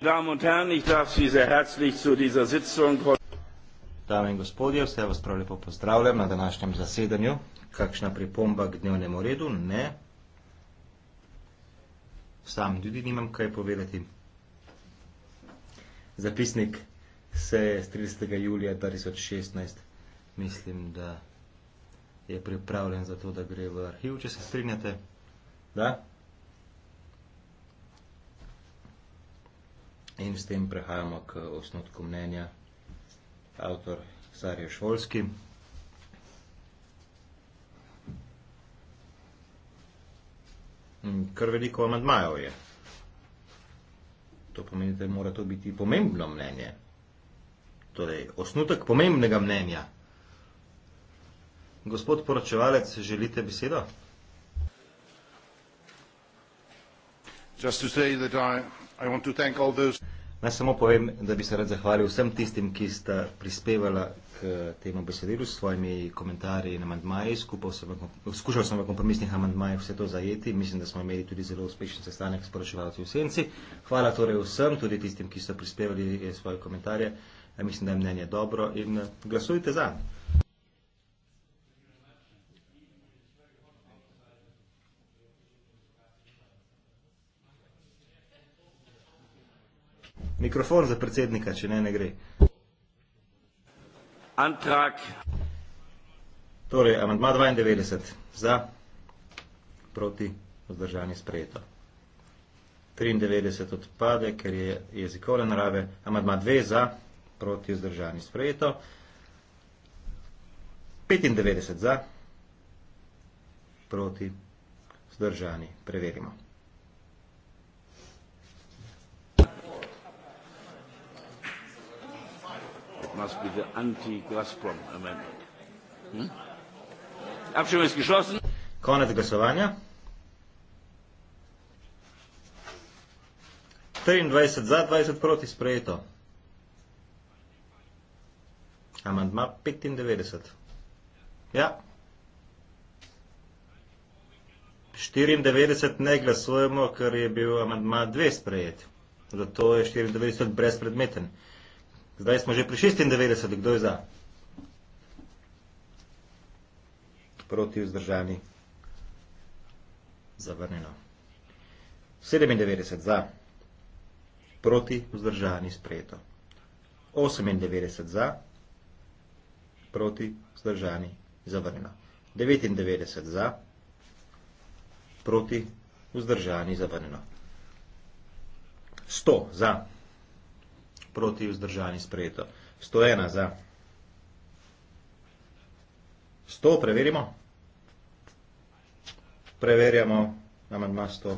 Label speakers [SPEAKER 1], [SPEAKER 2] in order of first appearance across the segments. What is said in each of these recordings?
[SPEAKER 1] Damen und Herren, ich darf Sie sehr herzlich zu dieser Sitzung
[SPEAKER 2] Dame in gospodje, vse vas prav lepo pozdravljam na današnjem zasedanju. Kakšna pripomba k dnevnemu redu? Ne. Sam tudi nimam kaj povedati. Zapisnik se je z 30. julija 2016, mislim, da je pripravljen za to, da gre v arhiv, če se strinjate. Da? In s tem prehajamo k osnotku mnenja. Avtor Sarje Švolski. Kar veliko amadmajev je. To pomeni, da mora to biti pomembno mnenje. Torej, osnutek pomembnega mnenja. Gospod poročevalec, želite besedo?
[SPEAKER 1] Just to say that I, I want to thank all those
[SPEAKER 2] Naj samo povem, da bi se rad zahvalil vsem tistim, ki sta prispevala k temu besedilu s svojimi komentarji in amandmaji. Sem, skušal sem v kompromisnih amandmajih vse to zajeti. Mislim, da smo imeli tudi zelo uspešen sestanek s poročevalci v Senci. Hvala torej vsem, tudi tistim, ki so prispevali svoje komentarje. Mislim, da je mnenje dobro in glasujte za. Mikrofon za predsednika, če ne, ne gre. Antrag. Torej, amantma 92. Za, proti, vzdržani sprejeto. 93 odpade, ker je jezikove narave. Amantma 2 za, proti, vzdržani sprejeto. 95 za, proti, vzdržani.
[SPEAKER 3] Preverimo. must be the anti-Gazprom amendment. Hmm?
[SPEAKER 2] Konec glasovanja. 23 za, 20 proti sprejeto. Amandma 95. Ja. 94 ne glasujemo, ker je bil amandma 2 sprejet. Zato je 94 brezpredmeten. Zdaj smo že pri 96. Kdo je za? Proti vzdržani. Zavrnjeno. 97 za. Proti vzdržani sprejeto. 98 za. Proti vzdržani zavrnjeno. 99 za. Proti vzdržani zavrnjeno. 100 za proti vzdržani sprejeto. 101 za. 100 preverimo. Preverjamo amandma 100.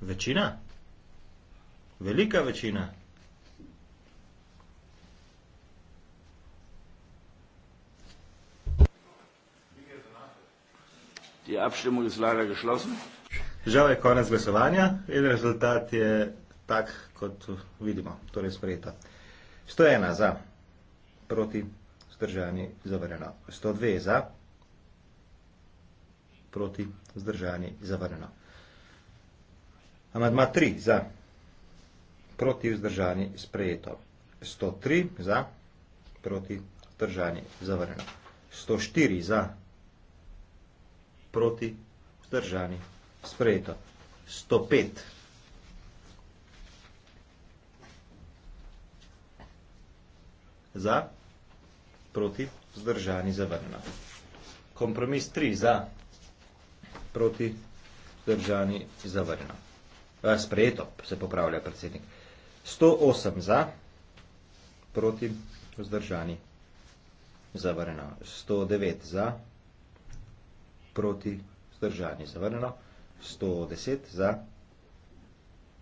[SPEAKER 2] Večina? Velika večina.
[SPEAKER 3] Die Abstimmung ist leider geschlossen.
[SPEAKER 2] Žal je konec glasovanja in rezultat je tak, kot vidimo, torej sprejeta. 101 za, proti, zdržani, zavrjeno. 102 za, proti, zdržani, zavrjeno. Amadma 3 za, proti, zdržani, sprejeto. 103 za, proti, zdržani, zavrjeno. 104 za, proti, zavrjeno. Sprejeto. 105. Za, proti, vzdržani, zavrnjeno. Kompromis 3 za, proti, vzdržani, zavrnjeno. E, sprejeto, se popravlja predsednik. 108 za, proti, vzdržani, zavrnjeno. 109 za, proti, vzdržani, zavrnjeno. 110 za,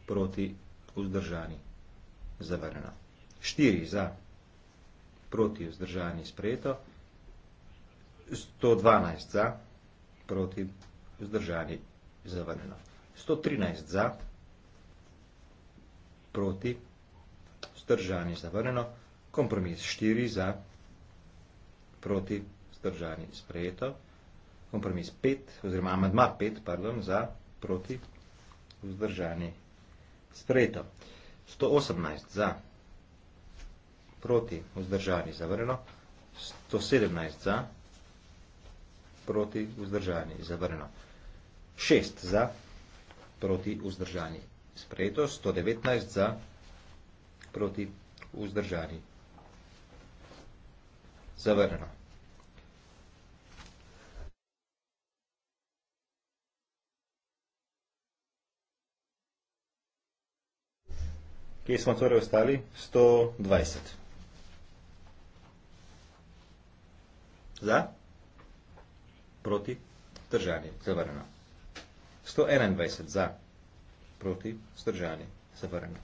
[SPEAKER 2] proti, vzdržani, zavrnjeno. 4 za, proti, vzdržani, sprejeto. 112 za, proti, vzdržani, zavrnjeno. 113 za, proti, vzdržani, zavrnjeno. Kompromis 4 za, proti, vzdržani, sprejeto. Kompromis 5, oziroma amadma 5, pardon, za, proti, vzdržani. Sprejeto. 118 za, proti, vzdržani, zavrnjeno. 117 za, proti, vzdržani, zavrnjeno. 6 za, proti, vzdržani. Sprejeto. 119 za, proti, vzdržani. Zavrnjeno. Kje smo torej ostali? 120. Za? Proti? Zdržani. Zavrnjeno. 121 za. Proti? Zdržani. Zavrnjeno.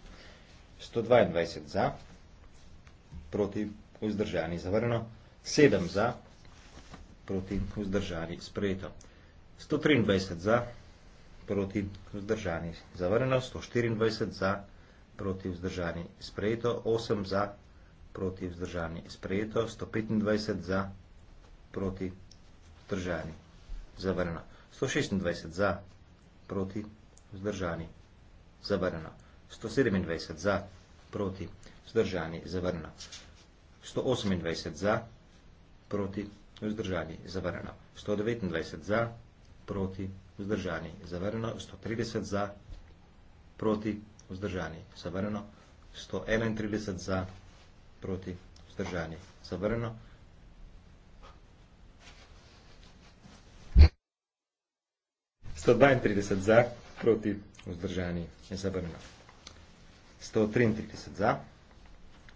[SPEAKER 2] 122 za. Proti? Vzdržani. zavrano. 7 za. Proti? Vzdržani. Sprejeto. 123 za. Proti? Vzdržani. Zavrnjeno. 124 za. Proti? proti vzdržani sprejeto, 8 za, proti vzdržani sprejeto, 125 za, proti vzdržani zavrnjeno, 126 za, proti vzdržani zavrnjeno, 127 za, proti vzdržani zavrnjeno, 128 za, proti vzdržani zavrnjeno, 129 za, proti vzdržani zavrnjeno, 130 za, proti vzdržani vzdržani, zavrnjeno. 131 za, proti, vzdržani, zavrnjeno. Sto dvaintrideset za, proti, vzdržani, zavrnjeno. Sto triintrideset za,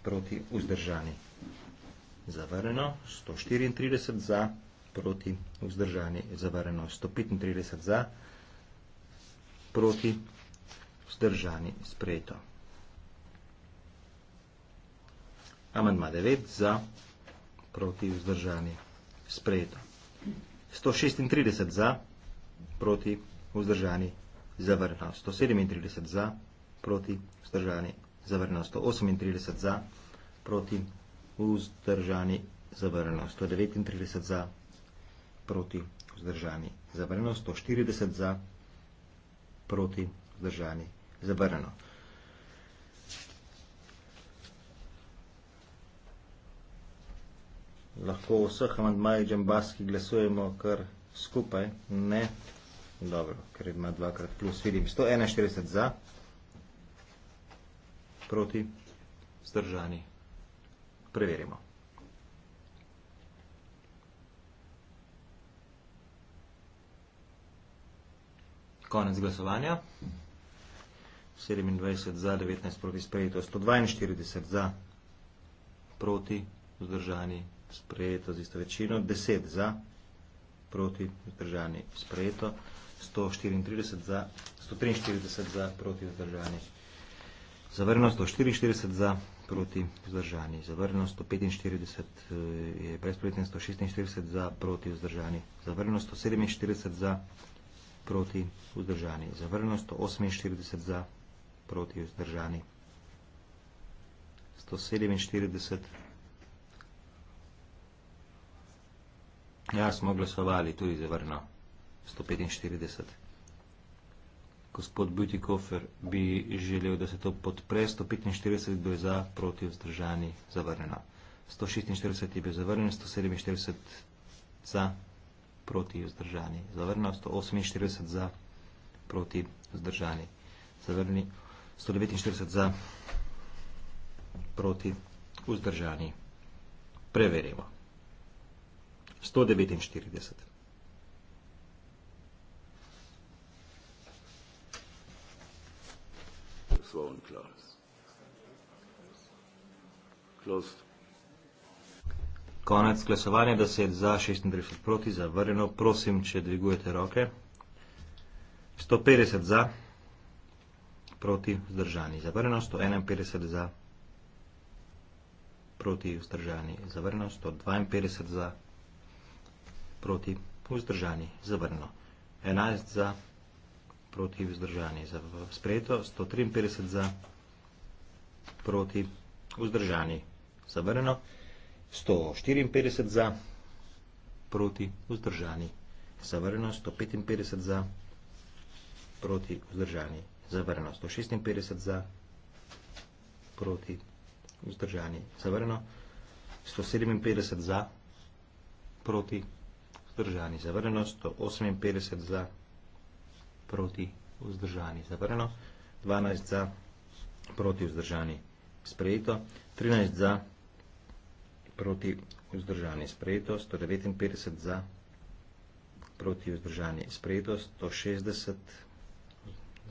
[SPEAKER 2] proti, vzdržani, zavrnjeno. Sto štiriintrideset za, proti, vzdržani, zavrnjeno. Sto petintrideset za, proti, vzdržani, sprejeto. Amandma 9 za, proti, vzdržani, sprejeto. 136 za, proti, vzdržani, zavrnjeno. 137 za, proti, vzdržani, zavrnjeno. 138 za, proti, vzdržani, zavrnjeno. 139 za, proti, vzdržani, zavrnjeno. 140 za, proti, vzdržani, Zavrnjeno. Lahko o vseh amandmajih džambaski glasujemo kar skupaj? Ne. Dobro, ker ima dvakrat plus, vidim. 141 za, proti, zdržani. Preverimo. Konec glasovanja. 27 za, 19 proti sprejeto, 142 za, proti, vzdržani, sprejeto z isto večino, 10 za, proti, vzdržani, sprejeto, 134 za, 143 za, proti, vzdržani, zavrno, 144 za, proti, vzdržani, zavrno, 145 je brezpredmeten, 146 za, proti, vzdržani, zavrno, 147 za, proti, vzdržani, zavrno, 148 za, proti vzdržani. 147. Ja, smo glasovali tudi za vrno. 145. Gospod Butikofer bi želel, da se to podpre. 145 bil za, proti vzdržani, zavrnjeno. 146 je bil zavrnjen, 147 za, proti vzdržani, zavrnjeno. 148 za, proti vzdržani, zavrnjeno. 149 za, proti, vzdržani. Preverimo. 149.
[SPEAKER 3] Das war unklar. Closed.
[SPEAKER 2] Konec glasovanja, da se je za 36 proti zavrnjeno. Prosim, če dvigujete roke. 150 za proti, vzdržani, zavrnjeno, 151 za, proti, vzdržani, zavrnjeno, 152 za, proti, vzdržani, zavrno, 11 za, proti, vzdržani, sprejeto, 153 za, proti, vzdržani, zavrnjeno, 154 za, proti, vzdržani, zavrnjeno, 155 za, proti, vzdržani, zavrnjeno. 156 za, proti, vzdržani, zavrnjeno. 157 za, proti, vzdržani, zavrnjeno. 158 za, proti, vzdržani, zavrnjeno. 12 za, proti, vzdržani, sprejeto. 13 za, proti, vzdržani, sprejeto. 159 za, proti, vzdržani, sprejeto. 160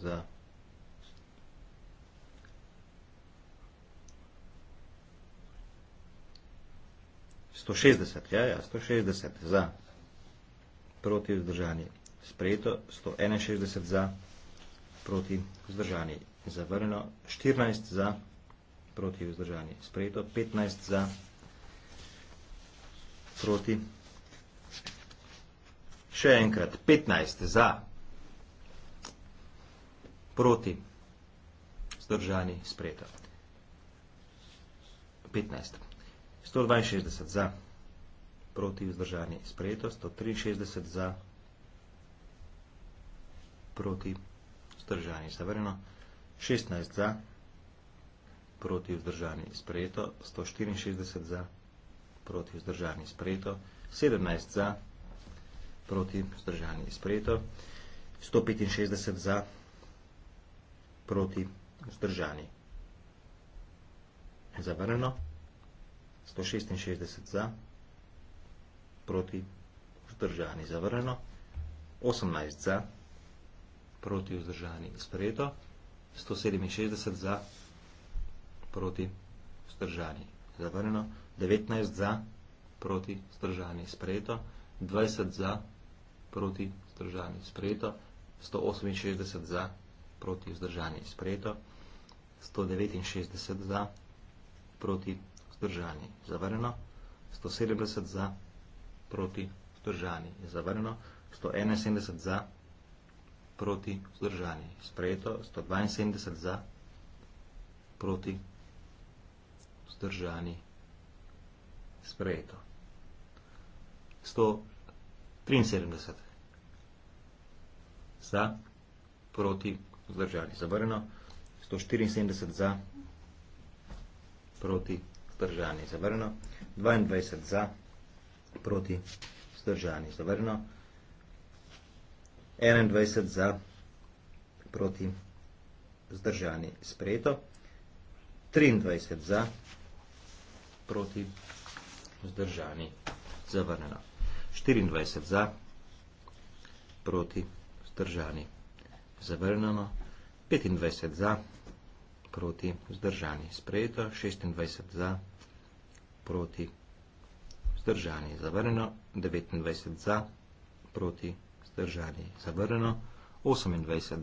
[SPEAKER 2] za, 160, ja, ja, 160 za, proti vzdržani, sprejeto, 161 za, proti vzdržani, zavrnjeno, 14 za, proti vzdržani, sprejeto, 15 za, proti, še enkrat, 15 za, proti vzdržani, sprejeto, 15 162 za, proti vzdržani sprejeto, 163 za, proti vzdržani zavrnjeno, 16 za, proti vzdržani sprejeto, 164 za, proti vzdržani sprejeto, 17 za, proti vzdržani sprejeto, 165 za, proti vzdržani zavrnjeno, 166 za, proti, vzdržani, zavrnjeno, 18 za, proti, vzdržani, sprejeto, 167 za, proti, vzdržani, zavrnjeno, 19 za, proti, vzdržani, sprejeto, 20 za, proti, vzdržani, sprejeto, 168 za, proti, vzdržani, sprejeto, 169 za, proti, vzdržani, sprejeto, vzdržani, zavrnjeno, 170 za, proti, vzdržani, zavrnjeno, 171 za, proti, vzdržani, sprejeto, 172 za, proti, zdržani, sprejeto. 173 za, proti, vzdržani, zavrnjeno, 174 za, proti, vzdržani vzdržani, zavrnjeno, 22 za, proti, vzdržani, zavrnjeno, 21 za, proti, vzdržani, sprejeto, 23 za, proti, vzdržani, zavrnjeno, 24 za, proti, vzdržani, zavrnjeno, 25 za, proti, vzdržani, sprejeto, 26 za, proti, против. Сдържани е заверено. 29 за. Против. Сдържани е заверено. 28 за.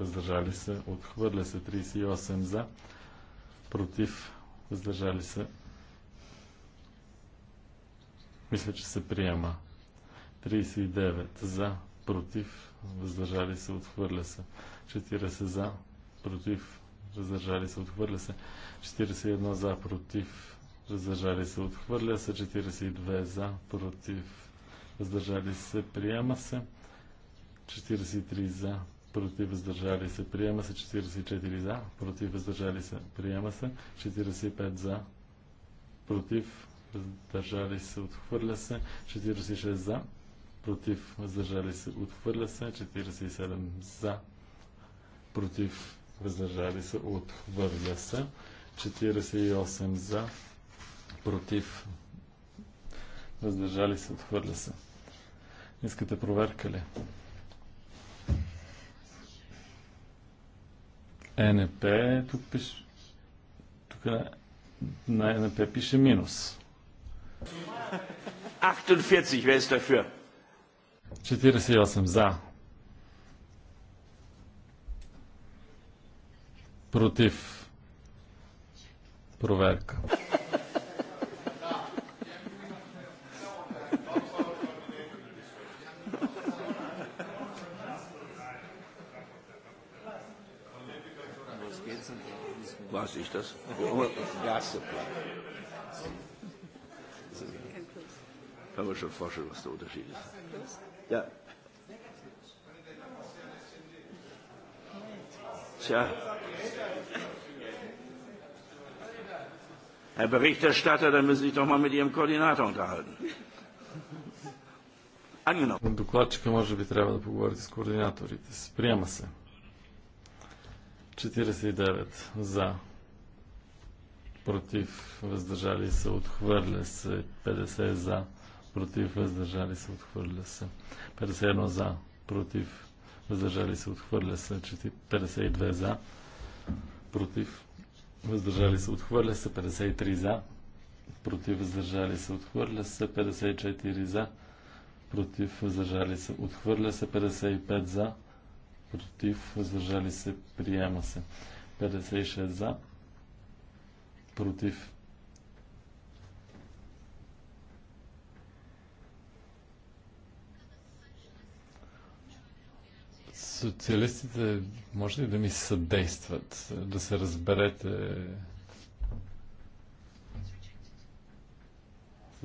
[SPEAKER 3] въздържали се, отхвърля се 38 за, против, въздържали се. Мисля, че се приема. 39 за, против, въздържали се, отхвърля се. 40 за, против, въздържали се, отхвърля се. 41 за, против, въздържали се, отхвърля се. 42 за, против, въздържали се, приема се. 43 за, против въздържали се, приема се 44 за, против въздържали се, приема се 45 за, против въздържали се, отхвърля се 46 за, против въздържали се, отхвърля се 47 за, против въздържали се, отхвърля се 48 за, против въздържали се, отхвърля се. Искате проверка ли? НП, тук пише, тук на НП пише минус.
[SPEAKER 1] 48, wer ist dafür?
[SPEAKER 3] 48 за. Против. Проверка. weiß ich das? Gassupply. Kann man schon vorstellen, was der Unterschied ist. Ja.
[SPEAKER 1] Tja. Herr Berichterstatter, dann müssen Sie sich doch mal mit Ihrem Koordinator unterhalten.
[SPEAKER 3] Angenommen. Докладчика може би трябва да поговорите с координаторите. Приема се. 49 за. Против. Въздържали се. Отхвърля се. 50 за. Против. Въздържали се. Отхвърля се. 51 за. Против. Въздържали се. Отхвърля се. 52 за. Против. Въздържали се. Отхвърля се. 53 за. Против. Въздържали се. Отхвърля се. 54 за. Против. Въздържали се. Отхвърля се. 55 за против, въздържали се, приема се. 56 за, против. Социалистите, може ли да ми съдействат, да се разберете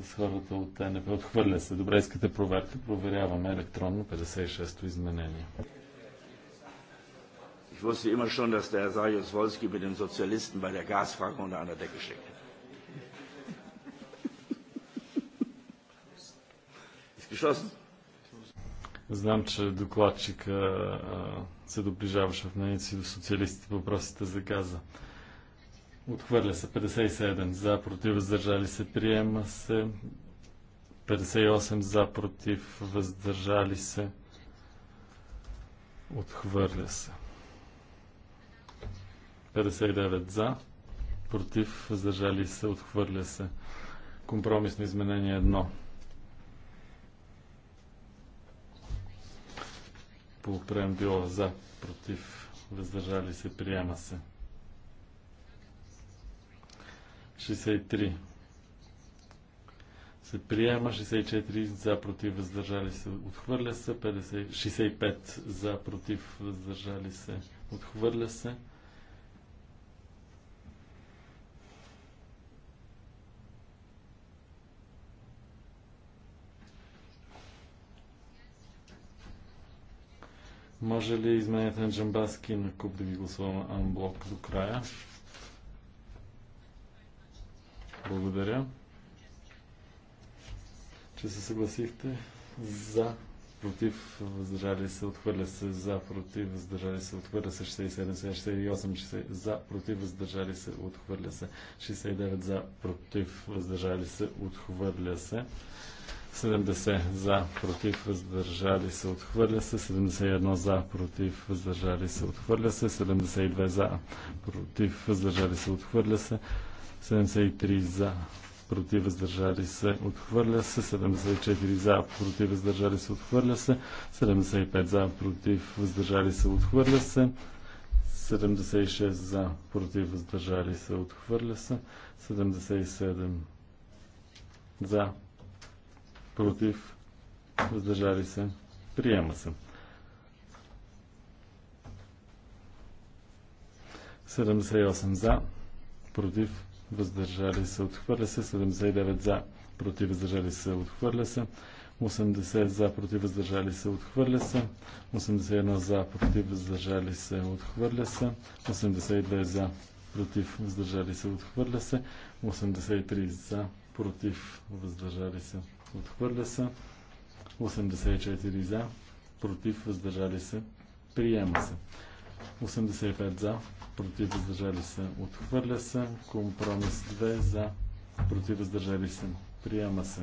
[SPEAKER 3] с хората от ТНП? Отхвърля се. Добре, искате проверка. Проверяваме електронно 56-то изменение.
[SPEAKER 1] Ich wusste immer schon, dass der Herr Sajus-Wolski mit den Sozialisten bei der Gasfrage unter der Decke steckt. Ist geschlossen.
[SPEAKER 3] Знам, че докладчика а, се доближаваше в мнението си до социалистите въпросите за газа. Отхвърля се 57 за, против, въздържали се, приема се 58 за, против, въздържали се, отхвърля се. 59 за, против, въздържали се, отхвърля се. Компромисно изменение 1. По преамбюла за, против, въздържали се, приема се. 63 се приема, 64 за, против, въздържали се, отхвърля се, 50, 65 за, против, въздържали се, отхвърля се. Може ли изменението на Джамбаски на куп да ги гласуваме анблок до края? Благодаря, че се съгласихте за против, въздържали се, отхвърля се, за, против, въздържали се, отхвърля се, 67, 68, 60, за, против, въздържали се, отхвърля се, 69, за, против, въздържали се, отхвърля се. 70 за, против, въздържали се, отхвърля се. 71 за, против, въздържали се, отхвърля се. 72 за, против, въздържали се, отхвърля се. 73 за, против, въздържали се, отхвърля се. 74 за, против, въздържали се, отхвърля се. 75 за, против, въздържали се, отхвърля се. 76 за, против, въздържали се, отхвърля се. 77 за, против, въздържали се, приема се. 78 за, против, въздържали се, отхвърля се, 79 за, против, въздържали се, отхвърля се, 80 за, против, въздържали се, отхвърля се, 81 за, против, въздържали се, отхвърля се, 82 за, против, въздържали се, отхвърля се, 83 за, против, въздържали се, Отхвърля се. 84 за. Против. Въздържали се. Приема се. 85 за. Против. Въздържали се. Отхвърля се. Компромис 2 за. Против. Въздържали се. Приема се.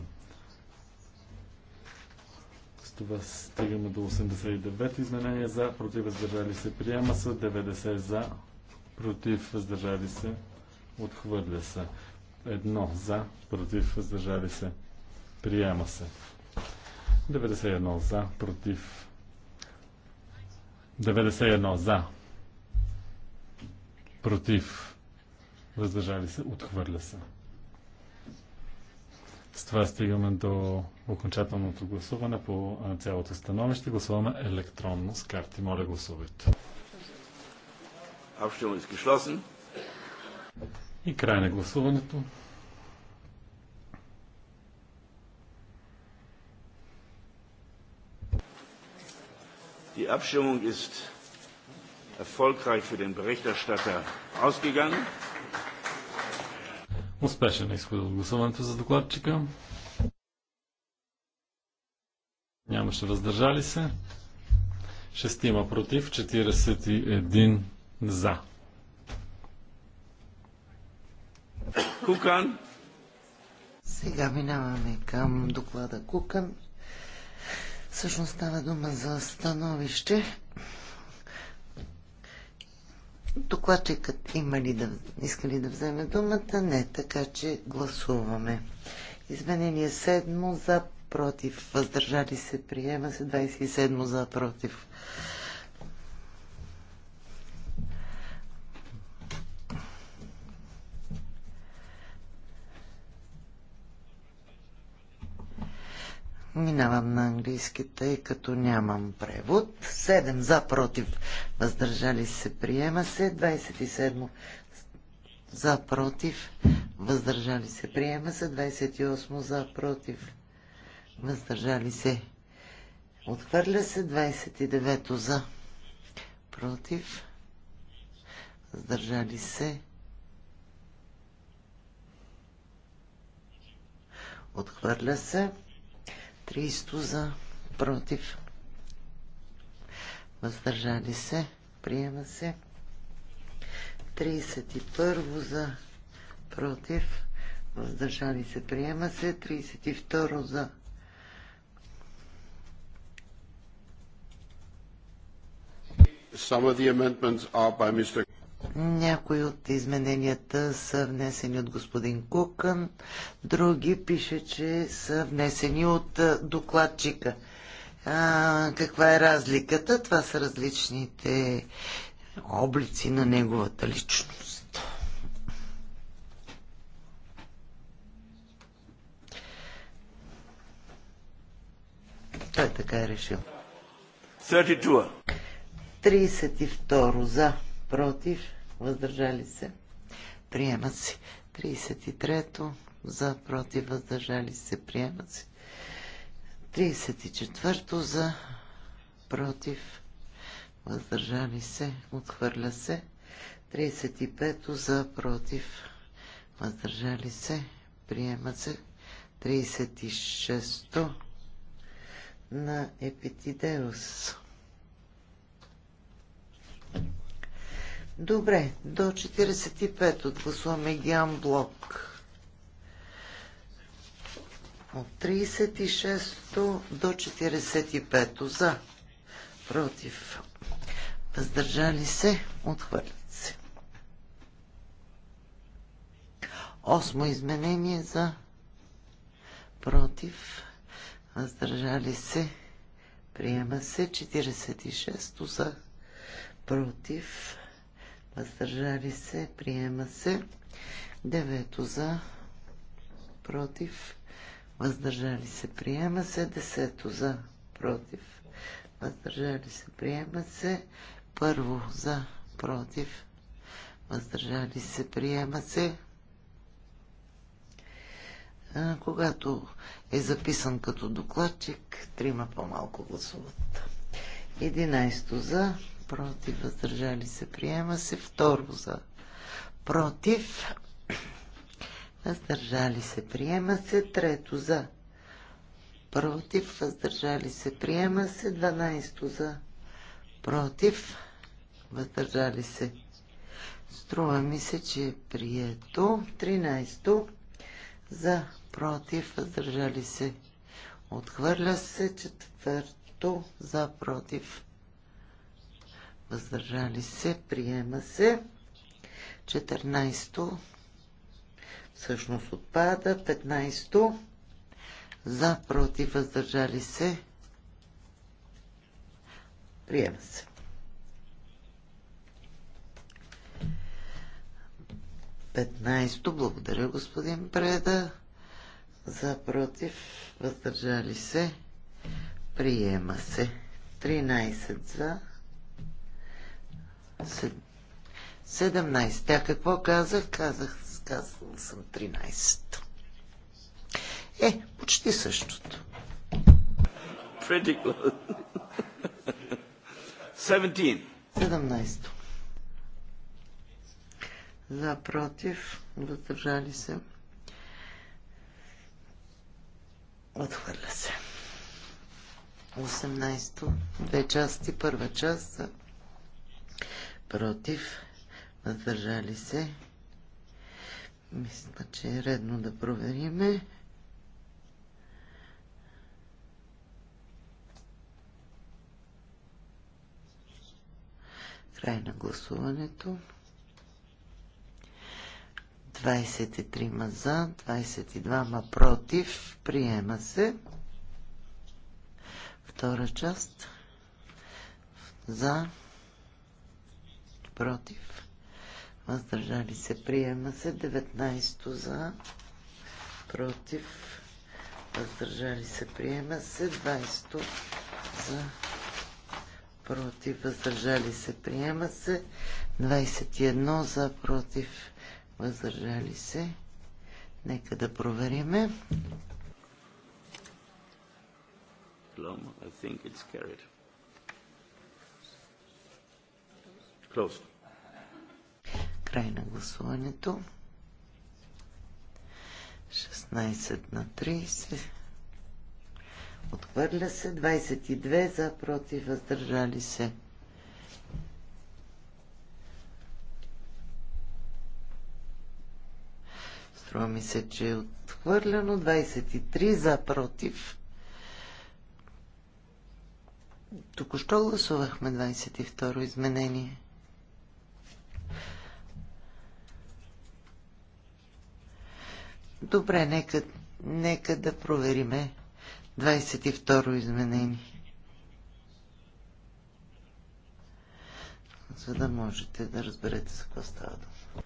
[SPEAKER 3] С това стигаме до 89 изменения за. Против. Въздържали се. Приема се. 90 за. Против. Въздържали се. Отхвърля се. Едно за. Против. Въздържали се. Приема се. 91 за, против. 91 за. Против. Въздържали се, отхвърля се. С това стигаме до окончателното гласуване по цялото становище. Гласуваме електронно с карти. Моля, гласувайте. Е и край на гласуването.
[SPEAKER 1] Die Abstimmung ist erfolgreich für den Berichterstatter ausgegangen.
[SPEAKER 3] Успешен е изходът от гласуването за докладчика. Нямаше въздържали се. Шестима против, 41 за.
[SPEAKER 4] Кукан. Сега минаваме към доклада Кукан. Всъщност става дума за становище. Докладчикът има ли да, иска ли да вземе думата? Не, така че гласуваме. Изменение 7 за против, въздържали се, приема се 27 за против, Минавам на английски, тъй като нямам превод. 7 за, против, въздържали се, приема се. 27 за, против, въздържали се, приема се. 28 за, против, въздържали се. Отхвърля се 29 за, против, въздържали се. Отхвърля се. 300 за против. Въздържали се. Приема се. 31 за против. Въздържали се. Приема се. 32 за
[SPEAKER 3] Some of the amendments are by Mr.
[SPEAKER 4] Някои от измененията са внесени от господин Кукън, други пише, че са внесени от докладчика. А, каква е разликата? Това са различните облици на неговата личност. Той така е решил. 32. 32 за против, въздържали се, приема се. 33-то за, против, въздържали се, приема се. 34-то за, против, въздържали се, отхвърля се. 35-то за, против, въздържали се, приема се. 36-то на Епитидеус. Добре, до 45 от гласуваме Гиан Блок. От 36 до 45 за, против, въздържали се, отхвърлят се. Осмо изменение за, против, въздържали се, приема се, 46 за, против, въздържали се, приема се. Девето за, против, въздържали се, приема се. Десето за, против, въздържали се, приема се. Първо за, против, въздържали се, приема се. когато е записан като докладчик, трима по-малко гласуват. Единайсто за, против, въздържали се, приема се. Второ за, против, въздържали се, приема се. Трето за, против, въздържали се, приема се. 12 за, против, въздържали се. Струва ми се, че е прието. 13 за, против, въздържали се. Отхвърля се четвърто за против въздържали се, приема се. 14-то всъщност отпада. 15-то за, против, въздържали се, приема се. Петнайсто. Благодаря, господин Преда. За против, въздържали се, приема се. 13 за, 17. А какво казах? Казах, казал съм 13. Е, почти същото.
[SPEAKER 3] Pretty
[SPEAKER 4] 17. 17. За, против, въздържали се. Отхвърля се. 18. Две части. Първа част против, въздържали се. Мисля, че е редно да провериме. Край на гласуването. 23 ма за, 22 ма против. Приема се. Втора част. За против, въздържали се, приема се. 19 за, против, въздържали се, приема се. 20 за, против, въздържали се, приема се. 21 за, против, въздържали се. Нека да провериме.
[SPEAKER 3] I think it's carried. Closed.
[SPEAKER 4] Край на гласуването. 16 на 30. Отхвърля се. 22 за, против, въздържали се. Струва ми се, че е отхвърлено. 23 за, против. Току-що гласувахме 22 изменение. Добре, нека, нека да провериме 22-ро изменение. За да можете да разберете за какво става дума.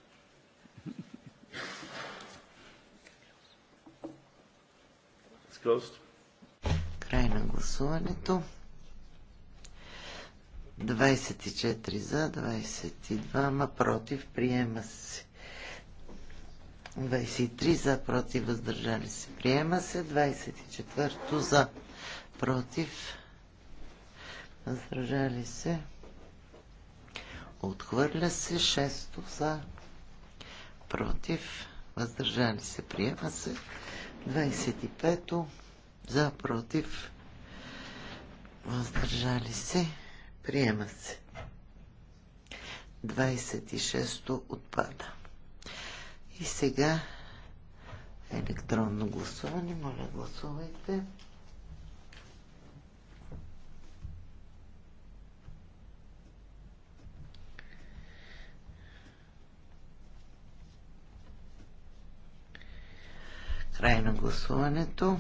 [SPEAKER 4] Край на гласуването. 24 за, 22 ма против. Приема се. 23 за, против, въздържали се. Приема се. 24 за, против, въздържали се. Отхвърля се. 6 за, против, въздържали се. Приема се. 25 за, против, въздържали се. Приема се. 26 отпада. И сега електронно гласуване. Моля, гласувайте. Край на гласуването.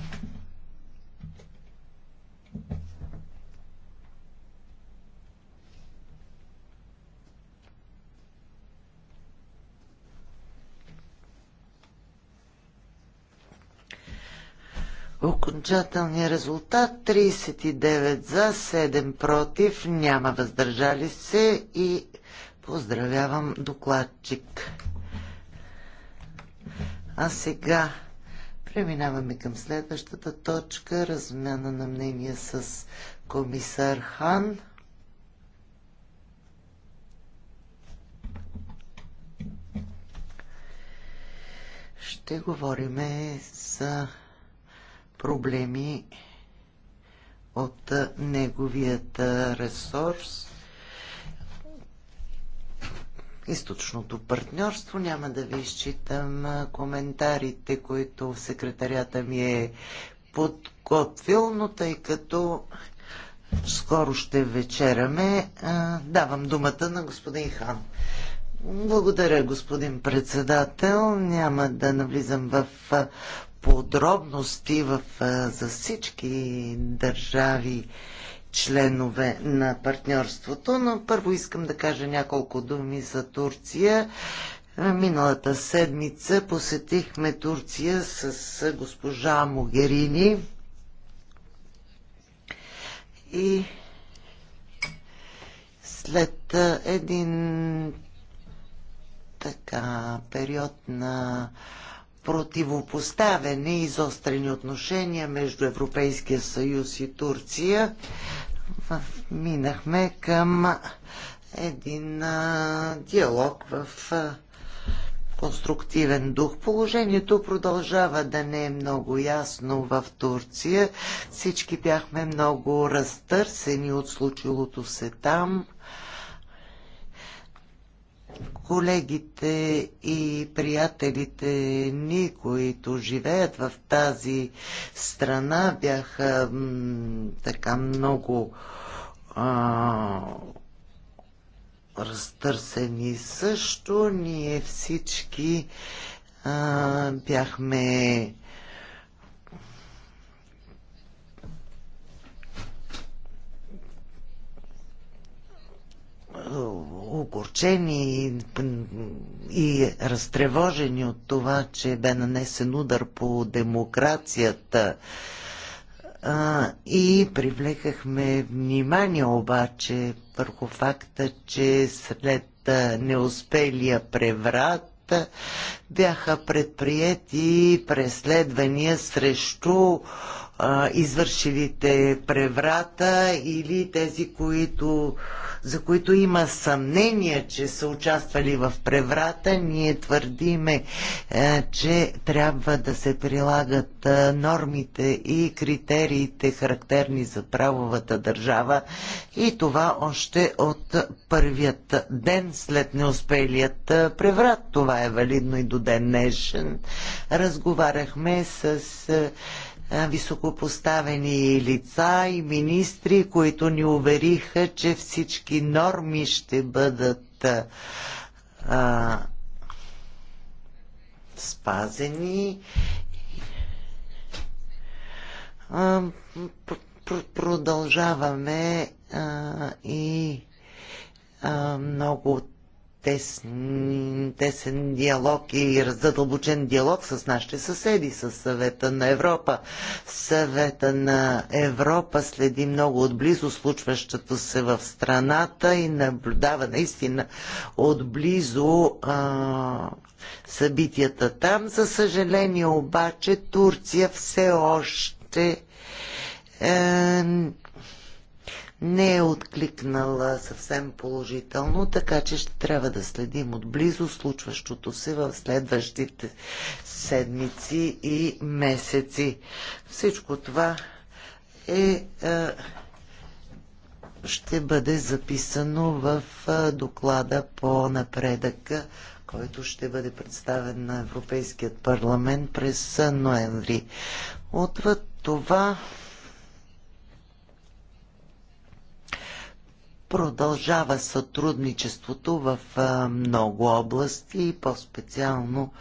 [SPEAKER 4] Окончателният резултат 39 за, 7 против, няма въздържали се и поздравявам докладчик. А сега преминаваме към следващата точка, размяна на мнение с комисар Хан. Ще говориме за проблеми от неговият ресурс. Източното партньорство. Няма да ви изчитам коментарите, които секретарята ми е подготвил, но тъй като скоро ще вечераме, давам думата на господин Хан. Благодаря, господин председател. Няма да навлизам в подробности в, за всички държави членове на партньорството, но първо искам да кажа няколко думи за Турция. Миналата седмица посетихме Турция с госпожа Могерини и след един така период на противопоставени и изострени отношения между Европейския съюз и Турция, минахме към един а, диалог в а, конструктивен дух. Положението продължава да не е много ясно в Турция. Всички бяхме много разтърсени от случилото се там колегите и приятелите ни, които живеят в тази страна, бяха така много а, разтърсени също. Ние всички а, бяхме огорчени и, и разтревожени от това, че бе нанесен удар по демокрацията. А, и привлекахме внимание обаче върху факта, че след неуспелия преврат бяха предприяти преследвания срещу а, извършилите преврата или тези, които, за които има съмнение, че са участвали в преврата, ние твърдиме, а, е, че трябва да се прилагат а, е, нормите и критериите, характерни за правовата държава и това още от първият ден след неуспелият е, преврат. Това е валидно и до ден днешен. Разговаряхме с високопоставени лица и министри, които ни увериха, че всички норми ще бъдат а, спазени. А, продължаваме а, и а, много от тесен, тесен диалог и задълбочен диалог с нашите съседи, с съвета на Европа. Съвета на Европа следи много отблизо случващото се в страната и наблюдава наистина отблизо а, събитията там. За съжаление обаче Турция все още е, не е откликнала съвсем положително, така че ще трябва да следим отблизо случващото се в следващите седмици и месеци. Всичко това е, е ще бъде записано в е, доклада по напредъка, който ще бъде представен на Европейският парламент през ноември. Отвъд това Продължава сътрудничеството в много области и по-специално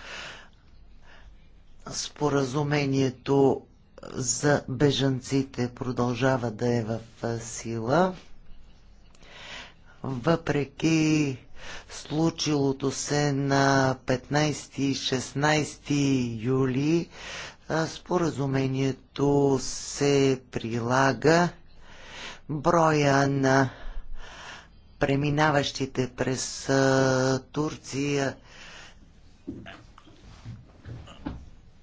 [SPEAKER 4] споразумението за бежанците продължава да е в сила. Въпреки случилото се на 15 и 16 юли, споразумението се прилага броя на преминаващите през Турция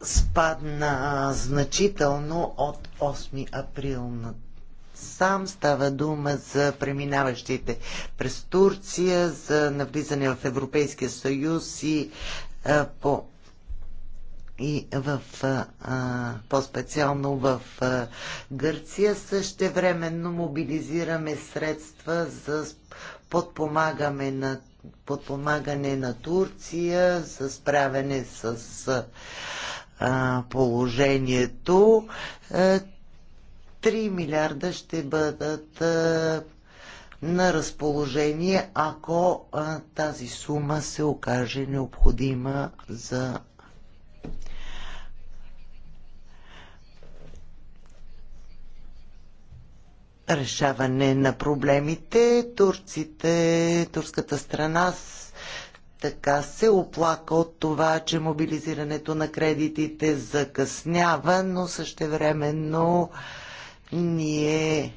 [SPEAKER 4] спадна значително от 8 април на сам става дума за преминаващите през Турция, за навлизане в Европейския съюз и а, по и в, а, по-специално в а, Гърция. Същевременно мобилизираме средства за подпомагаме на, подпомагане на Турция за справяне с а, положението. 3 е, милиарда ще бъдат а, е, на разположение, ако а, е, тази сума се окаже необходима за решаване на проблемите. Турците, турската страна така се оплака от това, че мобилизирането на кредитите закъснява, но същевременно ние е,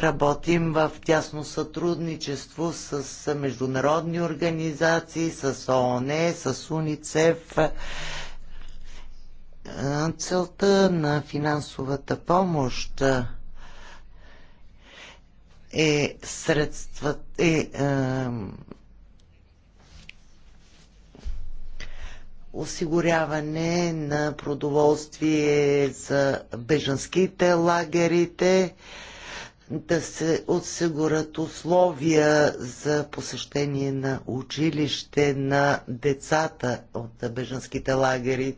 [SPEAKER 4] работим в тясно сътрудничество с международни организации, с ООН, с УНИЦЕФ. Е, целта на финансовата помощ е, е средства е, осигуряване на продоволствие за бежанските лагерите, да се осигурят условия за посещение на училище на децата от бежанските лагери.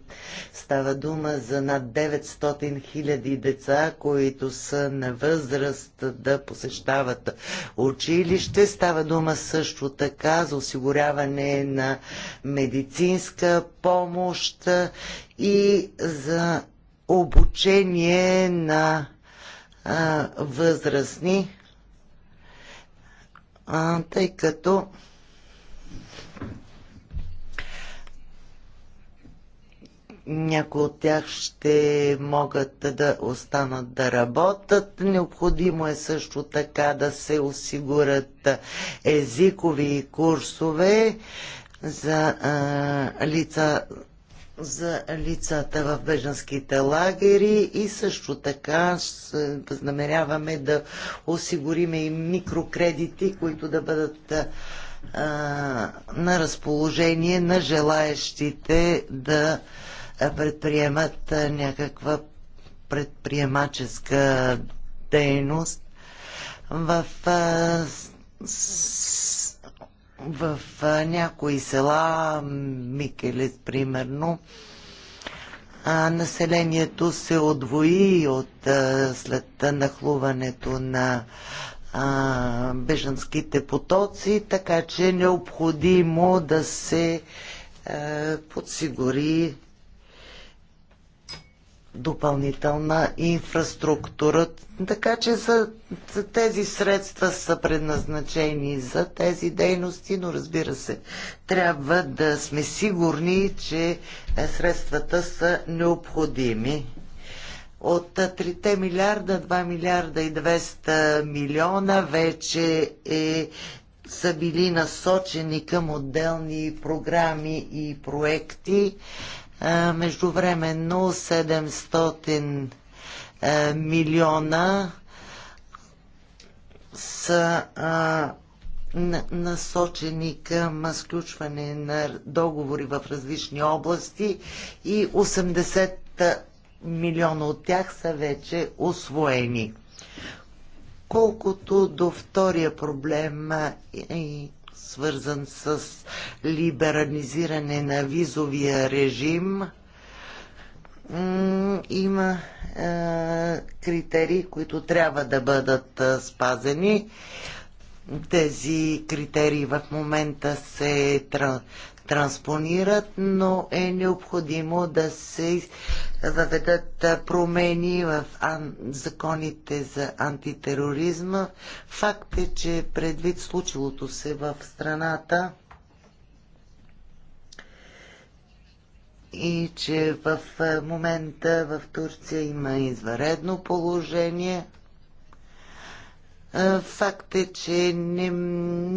[SPEAKER 4] Става дума за над 900 хиляди деца, които са на възраст да посещават училище. Става дума също така за осигуряване на медицинска помощ и за обучение на а, възрастни, а, тъй като някои от тях ще могат да останат да работят. Необходимо е също така да се осигурят езикови курсове за а, лица за лицата в бежанските лагери и също така е, възнамеряваме да осигуриме и микрокредити, които да бъдат е, а, на разположение на желаещите да предприемат е, някаква предприемаческа дейност в а, в някои села, Микелес примерно, а населението се отвои от а, след нахлуването на а, бежанските потоци, така че е необходимо да се а, подсигури допълнителна инфраструктура. Така че за, за тези средства са предназначени за тези дейности, но разбира се, трябва да сме сигурни, че е, средствата са необходими. От 3 е, милиарда, 2 милиарда и 200 милиона вече е, са били насочени към отделни програми и проекти. Междувременно 700 е, милиона са насочени към сключване на договори в различни области и 80 милиона от тях са вече освоени. Колкото до втория проблем и свързан с либерализиране на визовия режим. Има е, критерии, които трябва да бъдат е, спазени. Тези критерии в момента се транспонират, но е необходимо да се въведат промени в законите за антитероризма. Факт е, че предвид случилото се в страната и че в момента в Турция има изваредно положение – Факт е, че не,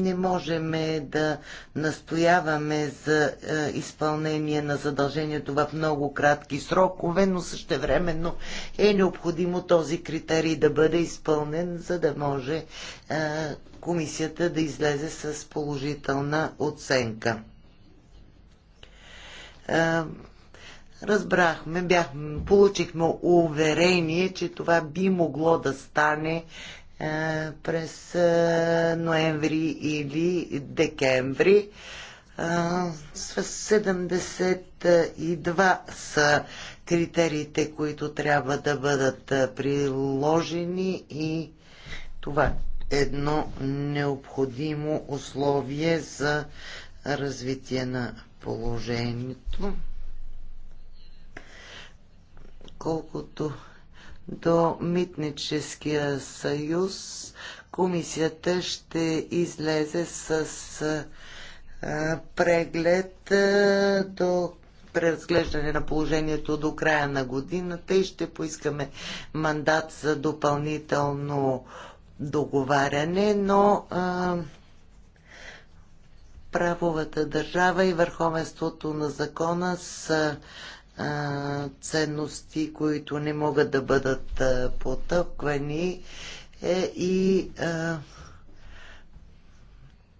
[SPEAKER 4] не можем да настояваме за изпълнение на задължението в много кратки срокове, но същевременно е необходимо този критерий да бъде изпълнен, за да може комисията да излезе с положителна оценка. Разбрахме, бяхме, получихме уверение, че това би могло да стане е, през е, ноември или декември. 72 е, са критериите, които трябва да бъдат приложени и това е едно необходимо условие за развитие на положението. Колкото до Митническия съюз, комисията ще излезе с а, преглед а, до преразглеждане на положението до края на годината и ще поискаме мандат за допълнително договаряне, но а, правовата държава и върховенството на закона са ценности, които не могат да бъдат потъпквани е, и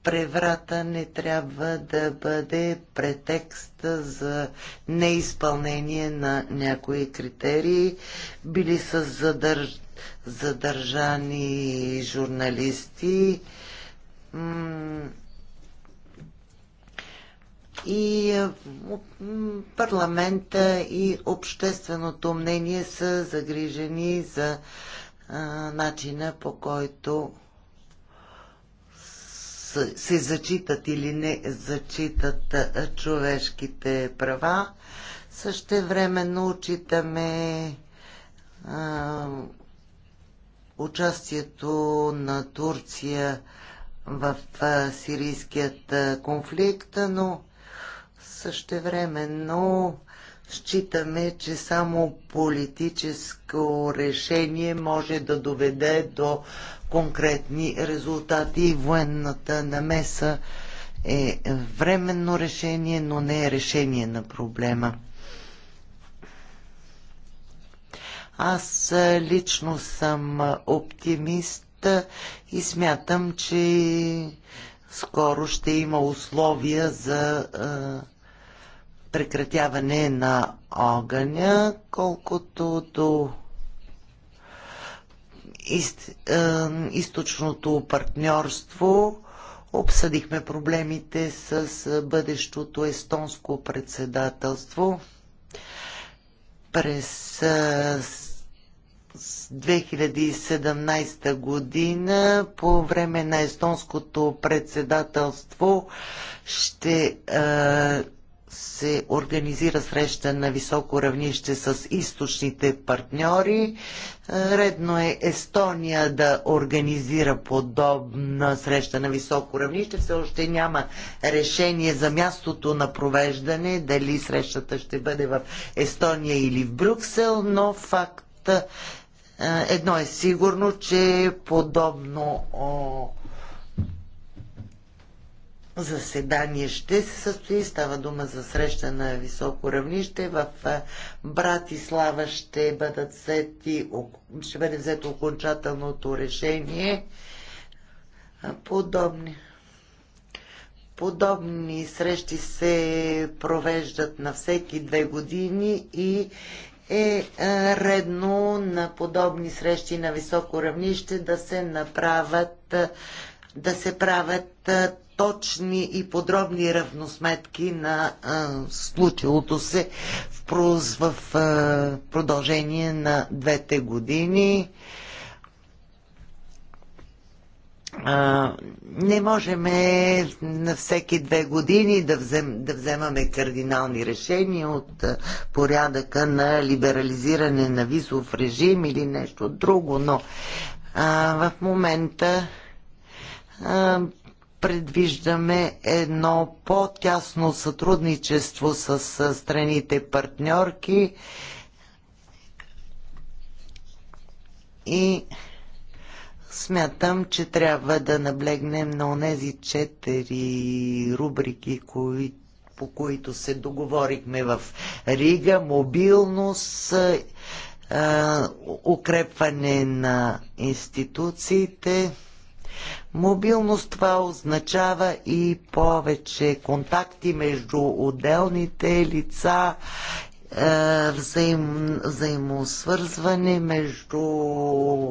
[SPEAKER 4] преврата не трябва да бъде претекст за неизпълнение на някои критерии. Били са задърж... задържани журналисти. М- и е, парламента и общественото мнение са загрижени за начина по който се зачитат или не зачитат човешките права. Също време научитаме участието на Турция в а, сирийският а, конфликт, но Същевременно считаме, че само политическо решение може да доведе до конкретни резултати. Военната намеса е временно решение, но не е решение на проблема. Аз лично съм оптимист и смятам, че скоро ще има условия за прекратяване на огъня, колкото до ист, е, източното партньорство. Обсъдихме проблемите с е, бъдещото естонско председателство. През 2017 е, година по време на естонското председателство ще е, се организира среща на високо равнище с източните партньори. Е, редно е Естония да организира подобна среща на високо равнище. Все още няма решение за мястото на провеждане, дали срещата ще бъде в Естония или в Брюксел, но факт е, едно е сигурно, че подобно заседание ще се състои. Става дума за среща на високо равнище. В Братислава ще, бъдат взети, ще бъде взето окончателното решение. Подобни. Подобни срещи се провеждат на всеки две години и е, е редно на подобни срещи на високо равнище да се направят да се правят точни и подробни равносметки на случилото се в, проз, в продължение на двете години. не можем е, на всеки две години да, взем, да вземаме кардинални решения от порядъка на либерализиране на визов режим или нещо друго, но а, в момента е, предвиждаме едно по-тясно сътрудничество с страните партньорки и смятам, че трябва да наблегнем на тези четири рубрики, кои, по които се договорихме в Рига, мобилност, е, е, укрепване на институциите, Мобилност това означава и повече контакти между отделните лица е, взаим, взаимосвързване между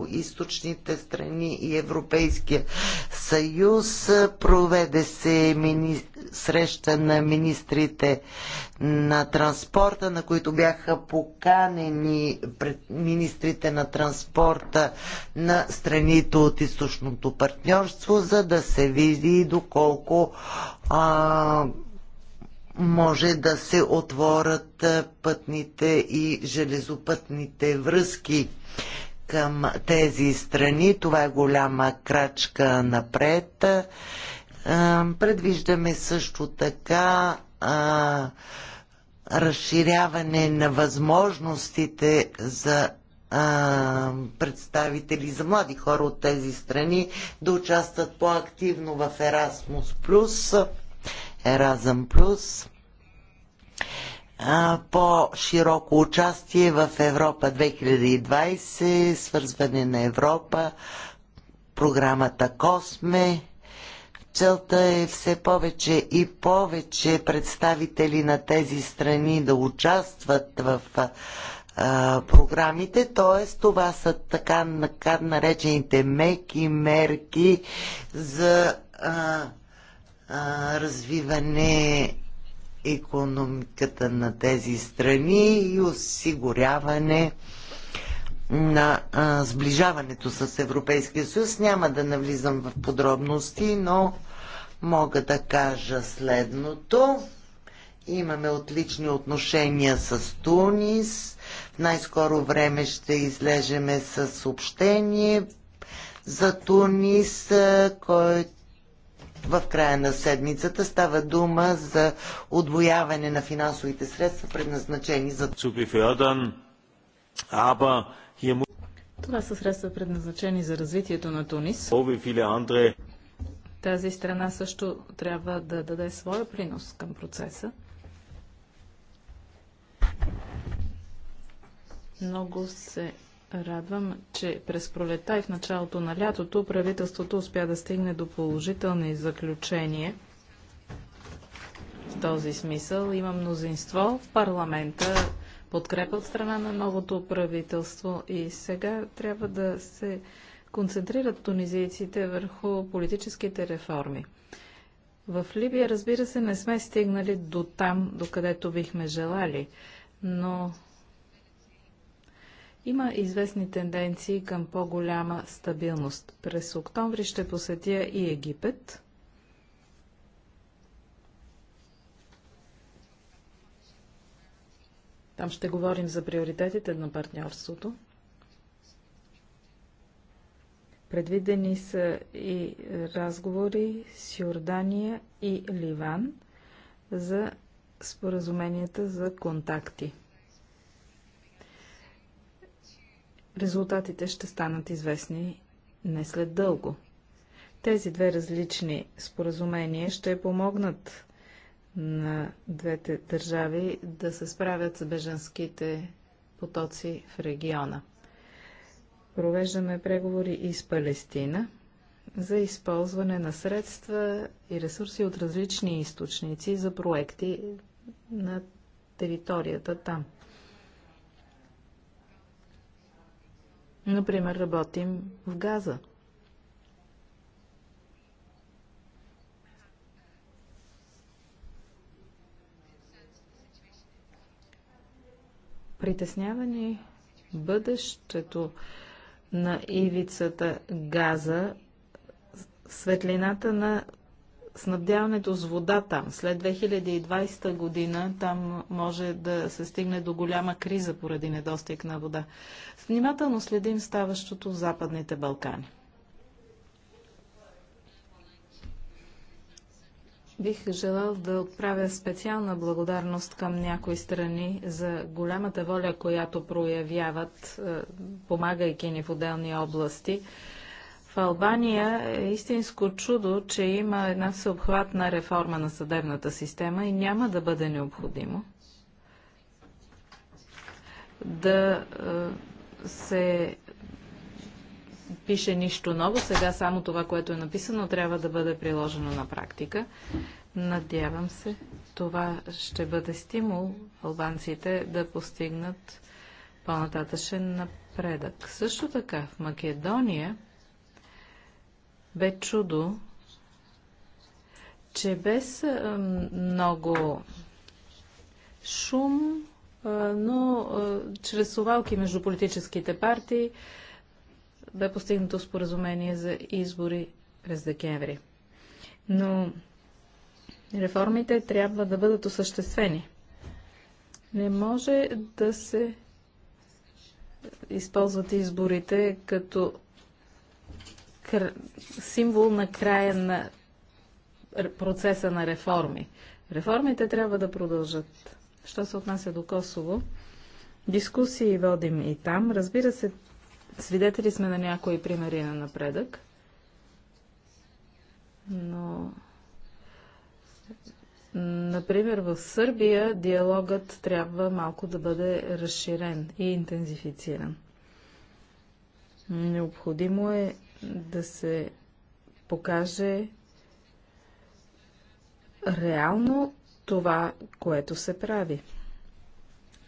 [SPEAKER 4] източните страни и Европейския съюз. Проведе се мини... среща на министрите на транспорта, на които бяха поканени пред министрите на транспорта на страните от източното партньорство, за да се види доколко а, може да се отворят пътните и железопътните връзки към тези страни. Това е голяма крачка напред. Предвиждаме също така разширяване на възможностите за представители за млади хора от тези страни да участват по-активно в Erasmus+ Еразъм Плюс, по-широко участие в Европа 2020, свързване на Европа, програмата Косме. Целта е все повече и повече представители на тези страни да участват в а, програмите, т.е. това са така, така наречените меки мерки за а, развиване економиката на тези страни и осигуряване на а, сближаването с Европейския съюз. Няма да навлизам в подробности, но мога да кажа следното. Имаме отлични отношения с Тунис. В най-скоро време ще излежеме с съобщение за Тунис, който в края на седмицата. Става дума за отвояване на финансовите средства, предназначени за... Това са средства предназначени за развитието на Тунис.
[SPEAKER 1] Тази страна също трябва да даде своя принос към процеса. Много се радвам, че през пролета и в началото на лятото правителството успя да стигне до положителни заключения. В този смисъл има мнозинство в парламента, подкрепа от страна на новото правителство и сега трябва да се концентрират тунизийците върху политическите реформи. В Либия, разбира се, не сме стигнали до там, до където бихме желали, но има известни тенденции към по-голяма стабилност. През октомври ще посетя и Египет. Там ще говорим за приоритетите на партньорството. Предвидени са и разговори с Йордания и Ливан за споразуменията за контакти. резултатите ще станат известни не след дълго. Тези две различни споразумения ще помогнат на двете държави да се справят с бежанските потоци в региона. Провеждаме преговори и с Палестина за използване на средства и ресурси от различни източници за проекти на територията там. Например, работим в Газа. Притеснява ни бъдещето на ивицата Газа, светлината на снабдяването с вода там. След 2020 година там може да се стигне до голяма криза поради недостиг на вода. Внимателно следим ставащото в Западните Балкани. Бих желал да отправя специална благодарност към някои страни за голямата воля, която проявяват, е, помагайки ни в отделни области в Албания е истинско чудо, че има една всеобхватна реформа на съдебната система и няма да бъде необходимо да е, се пише нищо ново. Сега само това, което е написано, трябва да бъде приложено на практика. Надявам се, това ще бъде стимул албанците да постигнат по-нататъчен напредък. Също така в Македония бе чудо, че без много шум, но чрез совалки между политическите партии бе постигнато споразумение за избори през декември. Но реформите трябва да бъдат осъществени. Не може да се използват изборите като символ на края на процеса на реформи. Реформите трябва да продължат. Що се отнася до Косово, дискусии водим и там. Разбира се, свидетели сме на някои примери на напредък, но Например, в Сърбия диалогът трябва малко да бъде разширен и интензифициран. Необходимо е да се покаже реално това, което се прави.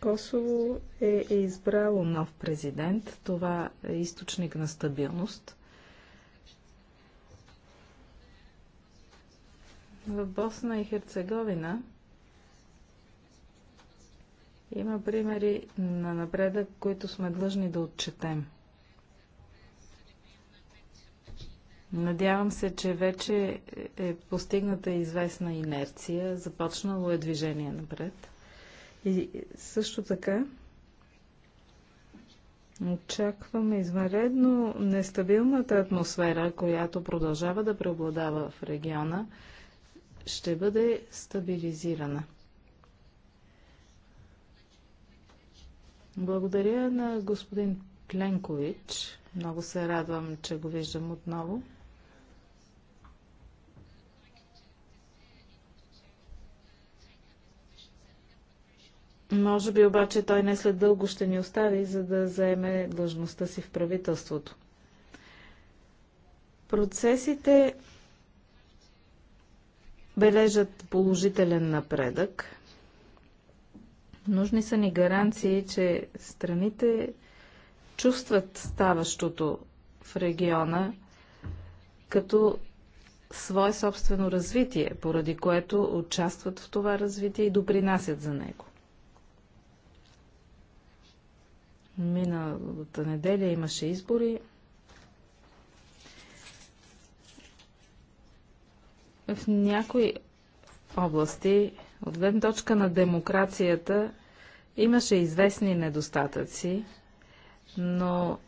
[SPEAKER 1] Косово е, е избрало нов президент. Това е източник на стабилност. В Босна и Херцеговина има примери на напредък, които сме длъжни да отчетем. Надявам се, че вече е постигната известна инерция, започнало е движение напред. И също така очакваме извънредно нестабилната атмосфера, която продължава да преобладава в региона, ще бъде стабилизирана. Благодаря на господин Пленкович. Много се радвам, че го виждам отново. Може би обаче той не след дълго ще ни остави, за да заеме длъжността си в правителството. Процесите бележат положителен напредък. Нужни са ни гаранции, че страните чувстват ставащото в региона като свое собствено развитие, поради което участват в това развитие и допринасят за него. Миналата неделя имаше избори. В някои области, от гледна точка на демокрацията, имаше известни недостатъци, но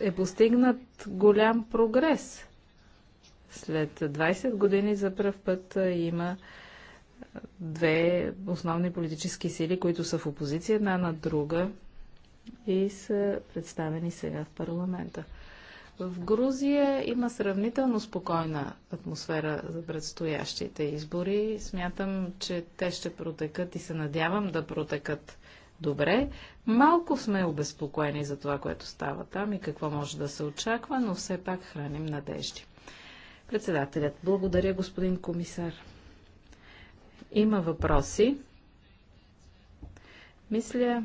[SPEAKER 1] е постигнат голям прогрес. След 20 години за първ път има две основни политически сили, които са в опозиция една на друга и са представени сега в парламента. В Грузия има сравнително спокойна атмосфера за предстоящите избори. Смятам, че те ще протекат и се надявам да протекат добре. Малко сме обезпокоени за това, което става там и какво може да се очаква, но все пак храним надежди. Председателят, благодаря господин комисар. Има въпроси. Мисля,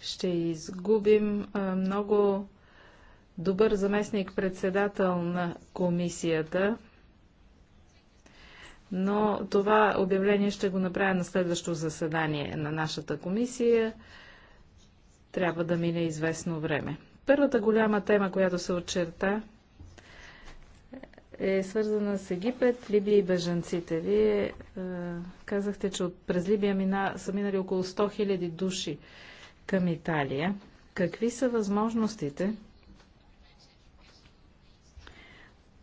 [SPEAKER 1] ще изгубим много добър заместник-председател на комисията, но това обявление ще го направя на следващо заседание на нашата комисия. Трябва да мине известно време. Първата голяма тема, която се очерта, е свързана с Египет, Либия и бежанците. Вие е, казахте, че от през Либия мина, са минали около 100 000 души към Италия, какви са възможностите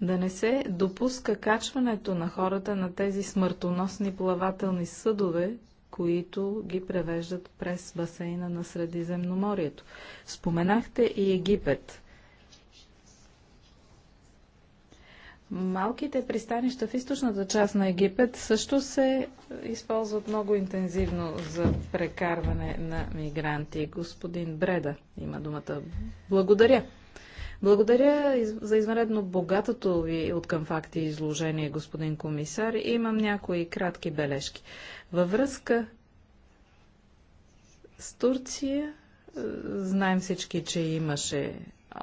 [SPEAKER 1] да не се допуска качването на хората на тези смъртоносни плавателни съдове, които ги превеждат през басейна на Средиземноморието. Споменахте и Египет. Малките пристанища в източната част на Египет също се използват много интензивно за прекарване на мигранти. Господин Бреда има думата. Благодаря. Благодаря за измередно богатото ви от към факти изложение, господин комисар. Имам някои кратки бележки. Във връзка с Турция, е, знаем всички, че имаше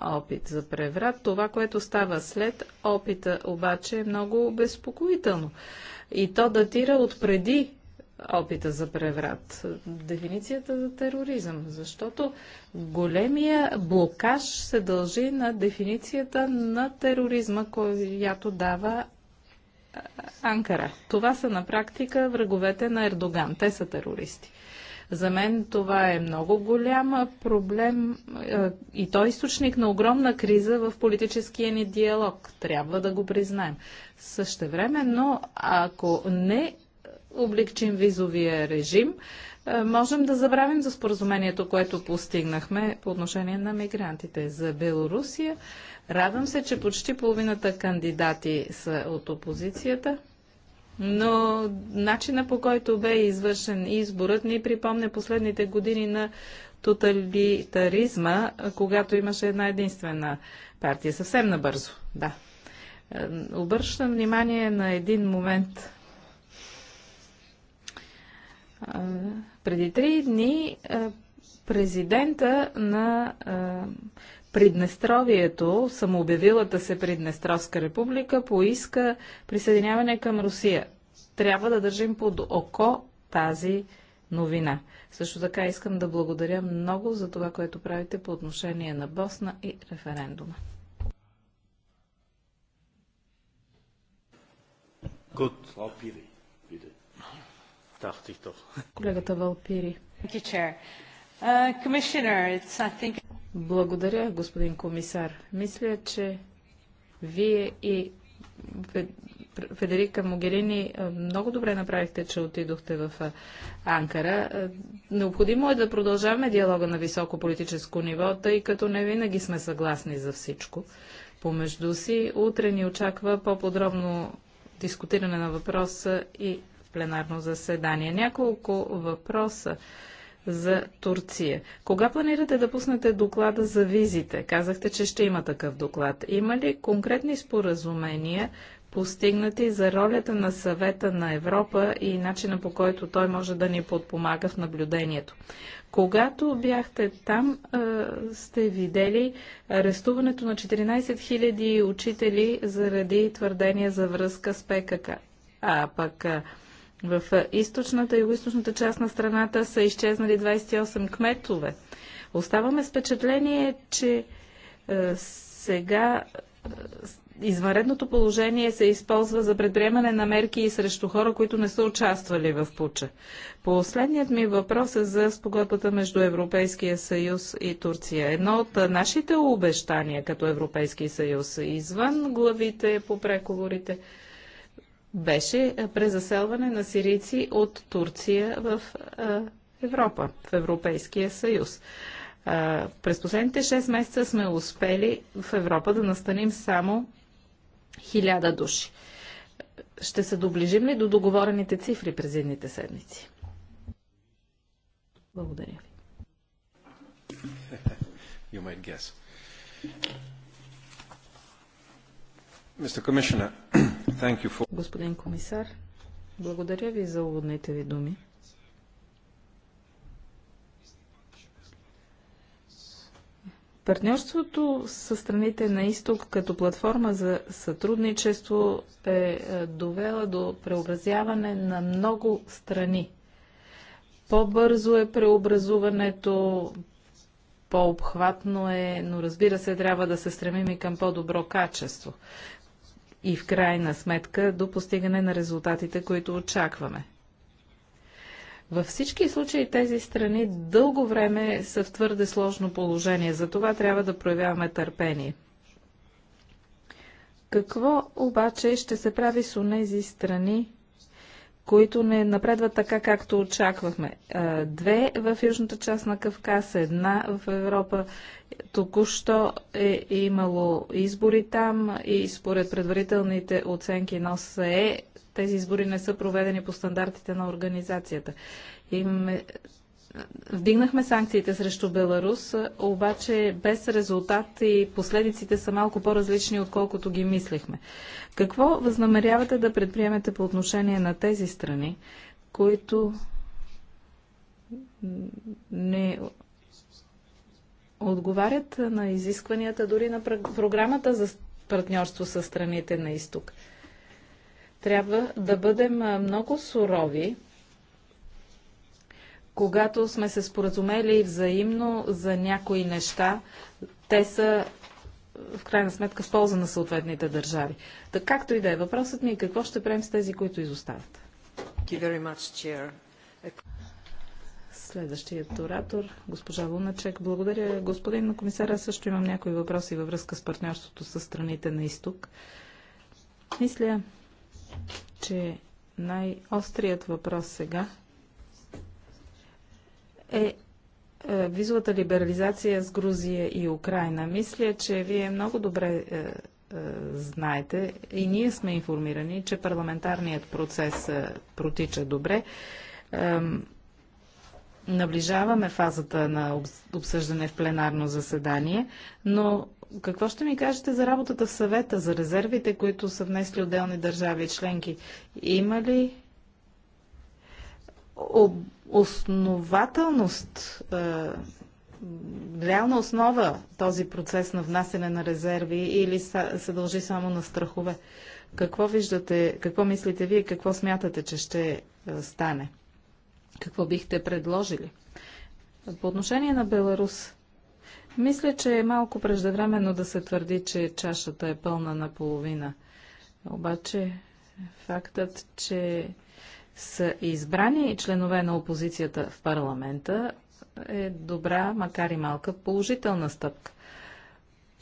[SPEAKER 1] опит за преврат. Това, което става след опита, обаче е много безпокоително. И то датира от преди опита за преврат, дефиницията за тероризъм, защото големия блокаж се дължи на дефиницията на тероризма, която дава Анкара. Това са на практика враговете на Ердоган. Те са терористи. За мен това е много голям проблем е, и той е източник на огромна криза в политическия ни диалог. Трябва да го признаем. време, но ако не облегчим визовия режим, е, можем да забравим за споразумението, което постигнахме по отношение на мигрантите за Белорусия. Радвам се, че почти половината кандидати са от опозицията но начина по който бе извършен изборът ни припомня последните години на тоталитаризма, когато имаше една единствена партия. Съвсем набързо, да. Е, обръщам внимание на един момент. Е, преди три дни е, президента на Приднестровието, самообявилата се Приднестровска република, поиска присъединяване към Русия. Трябва да държим под око тази новина. Също така искам да благодаря много за това, което правите по отношение на Босна и референдума. Колегата Валпири. Uh, благодаря, господин комисар. Мисля, че вие и Федерика Могерини, много добре направихте, че отидохте в Анкара. Необходимо е да продължаваме диалога на високо политическо ниво, тъй като не винаги сме съгласни за всичко. Помежду си утре ни очаква по-подробно дискутиране на въпроса и пленарно заседание. Няколко въпроса за Турция. Кога планирате да пуснете доклада за визите? Казахте, че ще има такъв доклад. Има ли конкретни споразумения, постигнати за ролята на съвета на Европа и начина по който той може да ни подпомага в наблюдението. Когато бяхте там, сте видели арестуването на 14 000 учители заради твърдения за връзка с ПКК. А пък в е, източната и югоизточната част на страната са изчезнали 28 кметове. Оставаме с впечатление, че е, сега е, извънредното положение се използва за предприемане на мерки и срещу хора, които не са участвали в пуча. Последният ми въпрос е за спогодбата между Европейския съюз и Турция. Едно от е, нашите обещания като Европейски съюз извън главите по преговорите беше презаселване на сирийци от Турция в Европа, в Европейския съюз. През последните 6 месеца сме успели в Европа да настаним само 1000 души. Ще се доближим ли до договорените цифри през едните седмици? Благодаря ви.
[SPEAKER 3] You might guess. Mr. Commissioner, Господин
[SPEAKER 1] комисар, благодаря ви за уводните ви думи. Партньорството с страните на изток като платформа за сътрудничество е, е довела до преобразяване на много страни. По-бързо е преобразуването, по-обхватно е, но разбира се, трябва да се стремим и към по-добро качество и в крайна сметка до постигане на резултатите, които очакваме. Във всички случаи тези страни дълго време са в твърде сложно положение, за това трябва да проявяваме търпение. Какво обаче ще се прави с онези страни, които не напредват така, както очаквахме. Две в южната част на Кавказ, една в Европа. Току-що е имало избори там и според предварителните оценки на ОСЕ, тези избори не са проведени по стандартите на организацията. Имаме Вдигнахме санкциите срещу Беларус, обаче без резултат и последиците са малко по-различни, отколкото ги мислихме. Какво възнамерявате да предприемете по отношение на тези страни, които не отговарят на изискванията дори на програмата за партньорство с страните на изток? Трябва да бъдем много сурови когато сме се споразумели взаимно за някои неща, те са в крайна сметка в полза на съответните държави. Така както и да е, въпросът ми е какво ще правим с тези, които изостават. Следващият оратор, госпожа Луначек. Благодаря, господин на комисара. Също имам някои въпроси във връзка с партньорството с страните на изток. Мисля, че най-острият въпрос сега е, е визовата либерализация с Грузия и Украина. Мисля, че вие много добре е, е, знаете и ние сме информирани, че парламентарният процес е, протича добре. Наближаваме фазата на обсъждане в пленарно заседание, но какво ще ми кажете за работата в съвета, за резервите, които са внесли отделни държави и членки? Има ли об основателност, е, реална основа този процес на внасене на резерви или се дължи само на страхове? Какво виждате, какво мислите вие, какво смятате, че ще е, стане? Какво бихте предложили? По отношение на Беларус, мисля, че е малко преждевременно да се твърди, че чашата е пълна наполовина. Обаче фактът, че са избрани членове на опозицията в парламента е добра, макар и малка, положителна стъпка.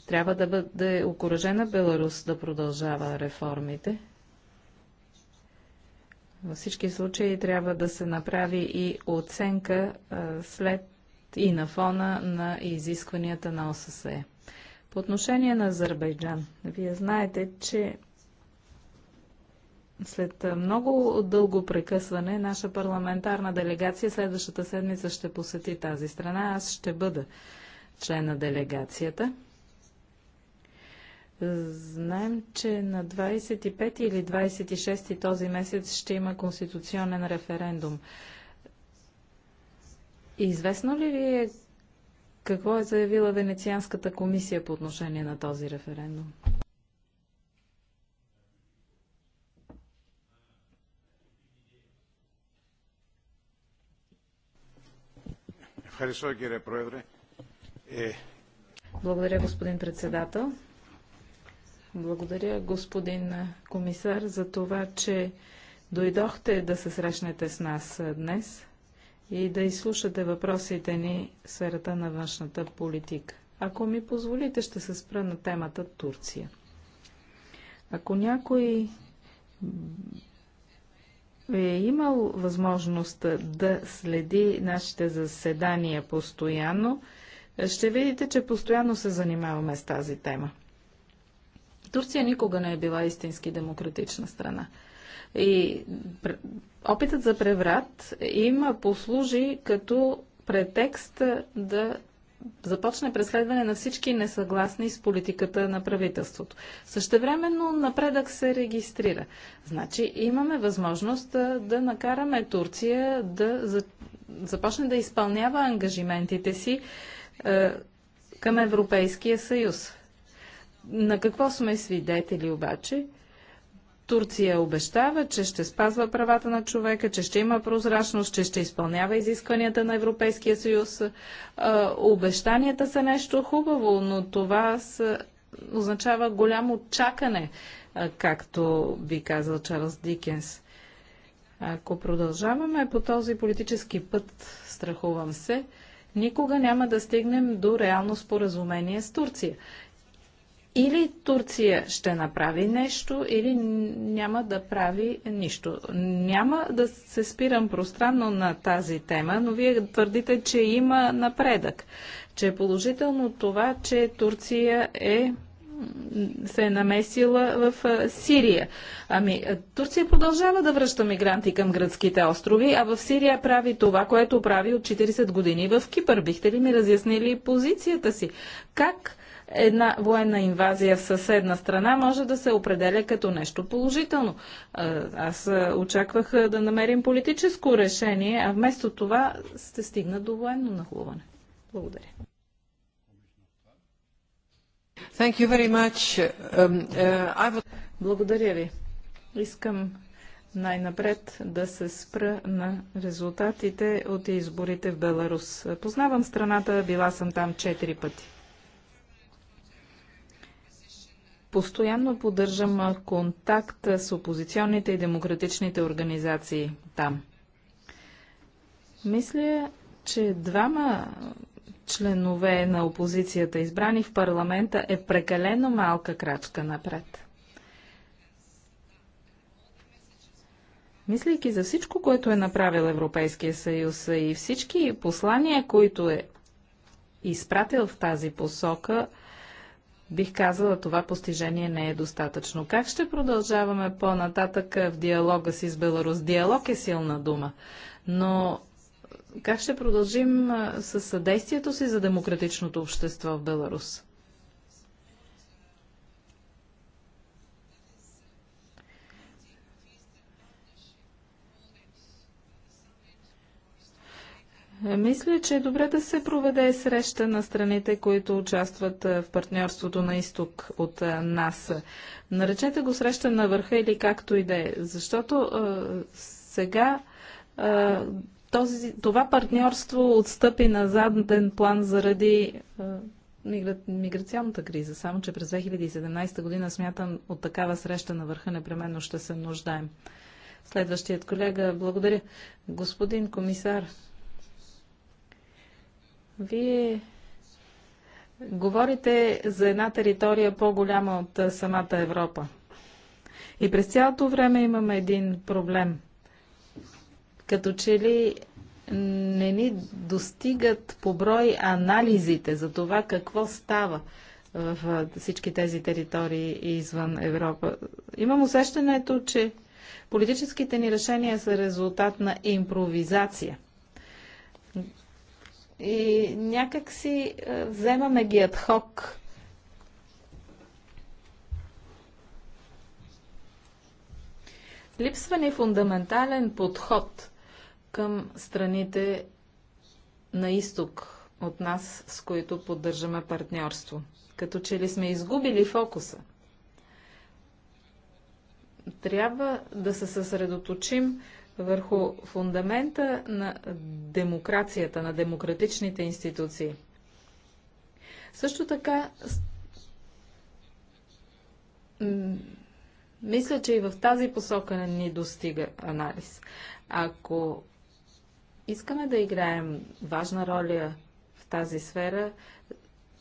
[SPEAKER 1] Трябва да бъде окоръжена Беларус да продължава реформите. Във всички случаи трябва да се направи и оценка след и на фона на изискванията на ОССЕ. По отношение на Азербайджан, вие знаете, че след много дълго прекъсване, наша парламентарна делегация следващата седмица ще посети тази страна. Аз ще бъда член на делегацията. Знаем, че на 25 или 26 този месец ще има конституционен референдум. Известно ли ви е какво е заявила Венецианската комисия по отношение на този референдум? Е, Благодаря, господин председател. Благодаря, господин комисар, за това, че дойдохте да се срещнете с нас днес и да изслушате въпросите ни в сферата на външната политика. Ако ми позволите, ще се спра на темата Турция. Ако някой е имал възможност да следи нашите заседания постоянно, ще видите, че постоянно се занимаваме с тази тема. Турция никога не е била истински демократична страна. И опитът за преврат има послужи като претекст да започне преследване на всички несъгласни с политиката на правителството. Същевременно напредък се регистрира. Значи имаме възможност да, накараме Турция да започне да изпълнява ангажиментите си е, към Европейския съюз. На какво сме свидетели обаче? Турция обещава, че ще спазва правата на човека, че ще има прозрачност, че ще изпълнява изискванията на Европейския съюз. Обещанията са нещо хубаво, но това са, означава голямо чакане, както би казал Чарлз Дикенс. Ако продължаваме по този политически път, страхувам се, никога няма да стигнем до реално споразумение с Турция. Или Турция ще направи нещо, или няма да прави нищо. Няма да се спирам пространно на тази тема, но вие твърдите, че има напредък, че е положително това, че Турция е се е намесила в Сирия. Ами, Турция продължава да връща мигранти към гръцките острови, а в Сирия прави това, което прави от 40 години в Кипър. Бихте ли ми разяснили позицията си? Как една военна инвазия в съседна страна може да се определя като нещо положително. Аз очаквах да намерим политическо решение, а вместо това сте стигна до военно нахлуване. Благодаря. Thank you very much. Um, uh, would... Благодаря ви. Искам най-напред да се спра на резултатите от изборите в Беларус. Познавам страната, била съм там четири пъти. Постоянно поддържам контакт с опозиционните и демократичните организации там. Мисля, че двама членове на опозицията, избрани в парламента, е прекалено малка крачка напред. Мислейки за всичко, което е направил Европейския съюз и всички послания, които е изпратил в тази посока, Бих казала, това постижение не е достатъчно. Как ще продължаваме по-нататък в диалога си с Беларус? Диалог е силна дума, но как ще продължим със съдействието си за демократичното общество в Беларус? Мисля, че е добре да се проведе среща на страните, които участват в партньорството на изток от нас. Наречете го среща на върха или както и да е, защото а, сега а, този, това партньорство отстъпи на заден план заради а, мигра... миграционната криза. Само, че през 2017 година смятам от такава среща на върха непременно ще се нуждаем. Следващият колега, благодаря. Господин комисар, вие говорите за една територия по-голяма от самата Европа. И през цялото време имаме един проблем. Като че ли не ни достигат по брой анализите за това какво става в всички тези територии извън Европа. Имам усещането, че политическите ни решения са резултат на импровизация – и някак си е, вземаме ги адхок. Липсва ни фундаментален подход към страните на изток от нас, с които поддържаме партньорство. Като че ли сме изгубили фокуса. Трябва да се съсредоточим върху фундамента на демокрацията, на демократичните институции. Също така, мисля, че и в тази посока не ни достига анализ. Ако искаме да играем важна роля в тази сфера,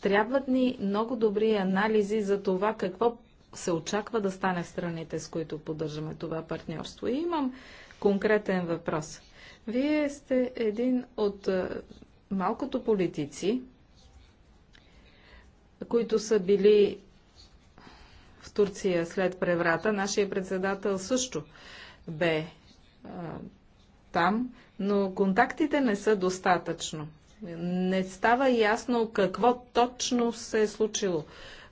[SPEAKER 1] трябват ни много добри анализи за това какво се очаква да стане в страните, с които поддържаме това партньорство. И имам конкретен въпрос. Вие сте един от малкото политици, които са били в Турция след преврата. Нашия председател също бе а, там, но контактите не са достатъчно. Не става ясно какво точно се е случило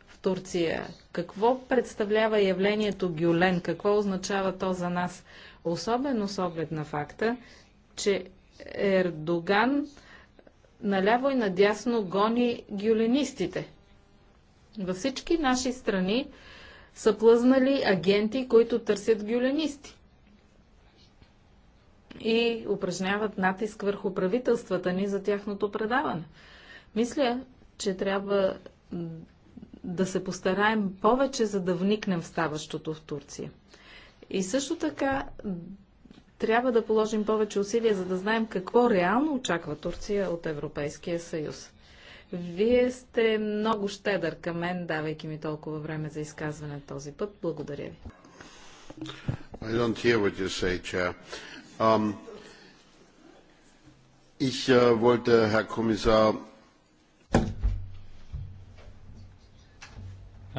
[SPEAKER 1] в Турция. Какво представлява явлението Гюлен? Какво означава то за нас? особено с оглед на факта, че Ердоган наляво и надясно гони гюленистите. Във всички наши страни са плъзнали агенти, които търсят гюленисти и упражняват натиск върху правителствата ни за тяхното предаване. Мисля, че трябва да се постараем повече, за да вникнем в ставащото в Турция. И също така трябва да положим повече усилия, за да знаем какво реално очаква Турция от Европейския съюз. Вие сте много щедър към мен, давайки ми толкова време за изказване този път. Благодаря ви.
[SPEAKER 3] I don't hear what you say, Chair. Um, ich uh, wollte, Herr Kommissar...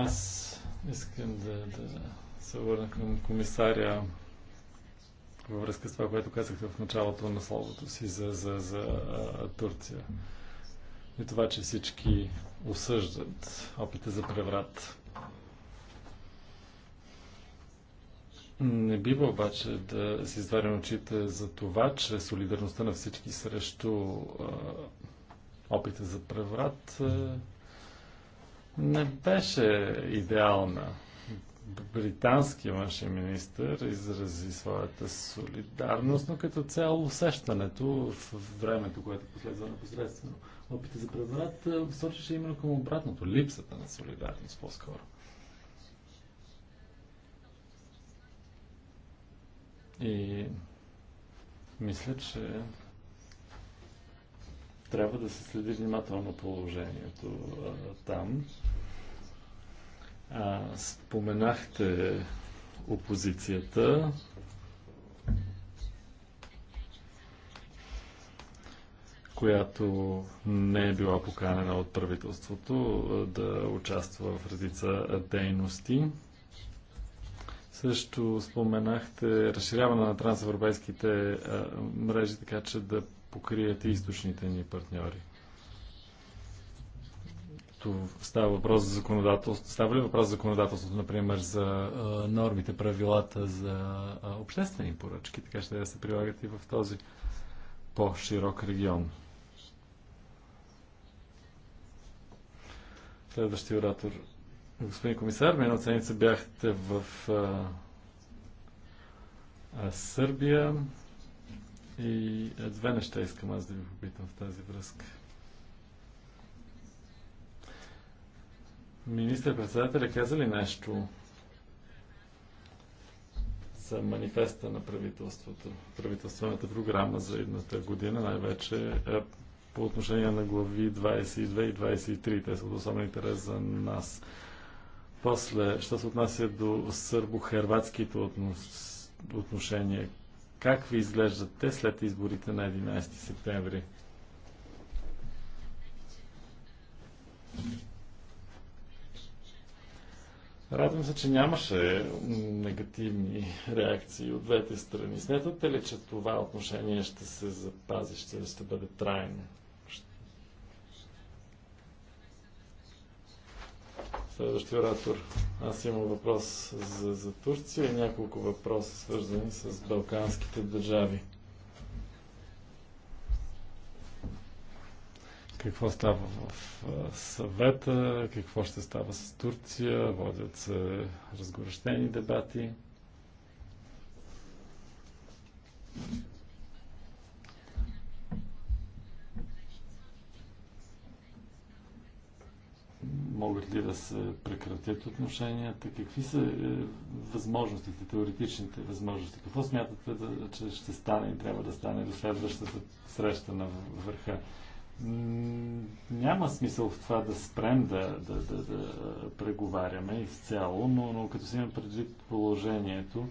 [SPEAKER 3] ist, искам да, да се върна към комисаря във връзка с това, което казахте в началото на словото си за, за, за а, Турция. И това, че всички осъждат опита за преврат. Не бива обаче да си изварим очите за това, че солидарността на всички срещу а, опита за преврат а, не беше идеална британския външен министр изрази своята солидарност, но като цяло усещането в времето, което последва непосредствено опита за преврат, е, сочеше именно към обратното, липсата на солидарност по-скоро. И мисля, че трябва да се следи внимателно положението а, там. А, споменахте опозицията. която не е била поканена от правителството да участва в редица дейности. Също споменахте разширяване на трансевропейските мрежи, така че да покрият и източните ни партньори става въпрос за законодателство, става ли въпрос за законодателството, например, за а, нормите, правилата за а, обществени поръчки, така ще да се прилагат и в този по-широк регион. Следващия оратор. Господин комисар, миналата седмица бяхте в а, а, Сърбия и две неща искам аз да ви попитам в тази връзка. Министър-председателя каза ли нещо за манифеста на правителството, правителствената програма за едната година, най-вече е по отношение на глави 22 и 23. Те са от особен интерес за нас. После, що се отнася до сърбо-хрватските отношения, как ви изглеждат те след изборите на 11 септември? Радвам се, че нямаше негативни реакции от двете страни. Смятате ли, че това отношение ще се запази, ще, ще бъде трайно? Следващия оратор. Аз имам въпрос за, за Турция и няколко въпроса, свързани с балканските държави. какво става в съвета, какво ще става с Турция, водят се разгорещени дебати. Могат ли да се прекратят отношенията? Какви са е, възможностите, теоретичните възможности? Какво смятате, че ще стане и трябва да стане до следващата среща на върха? няма смисъл в това да спрем да, да, да, да преговаряме изцяло, но, но като си имам предвид положението,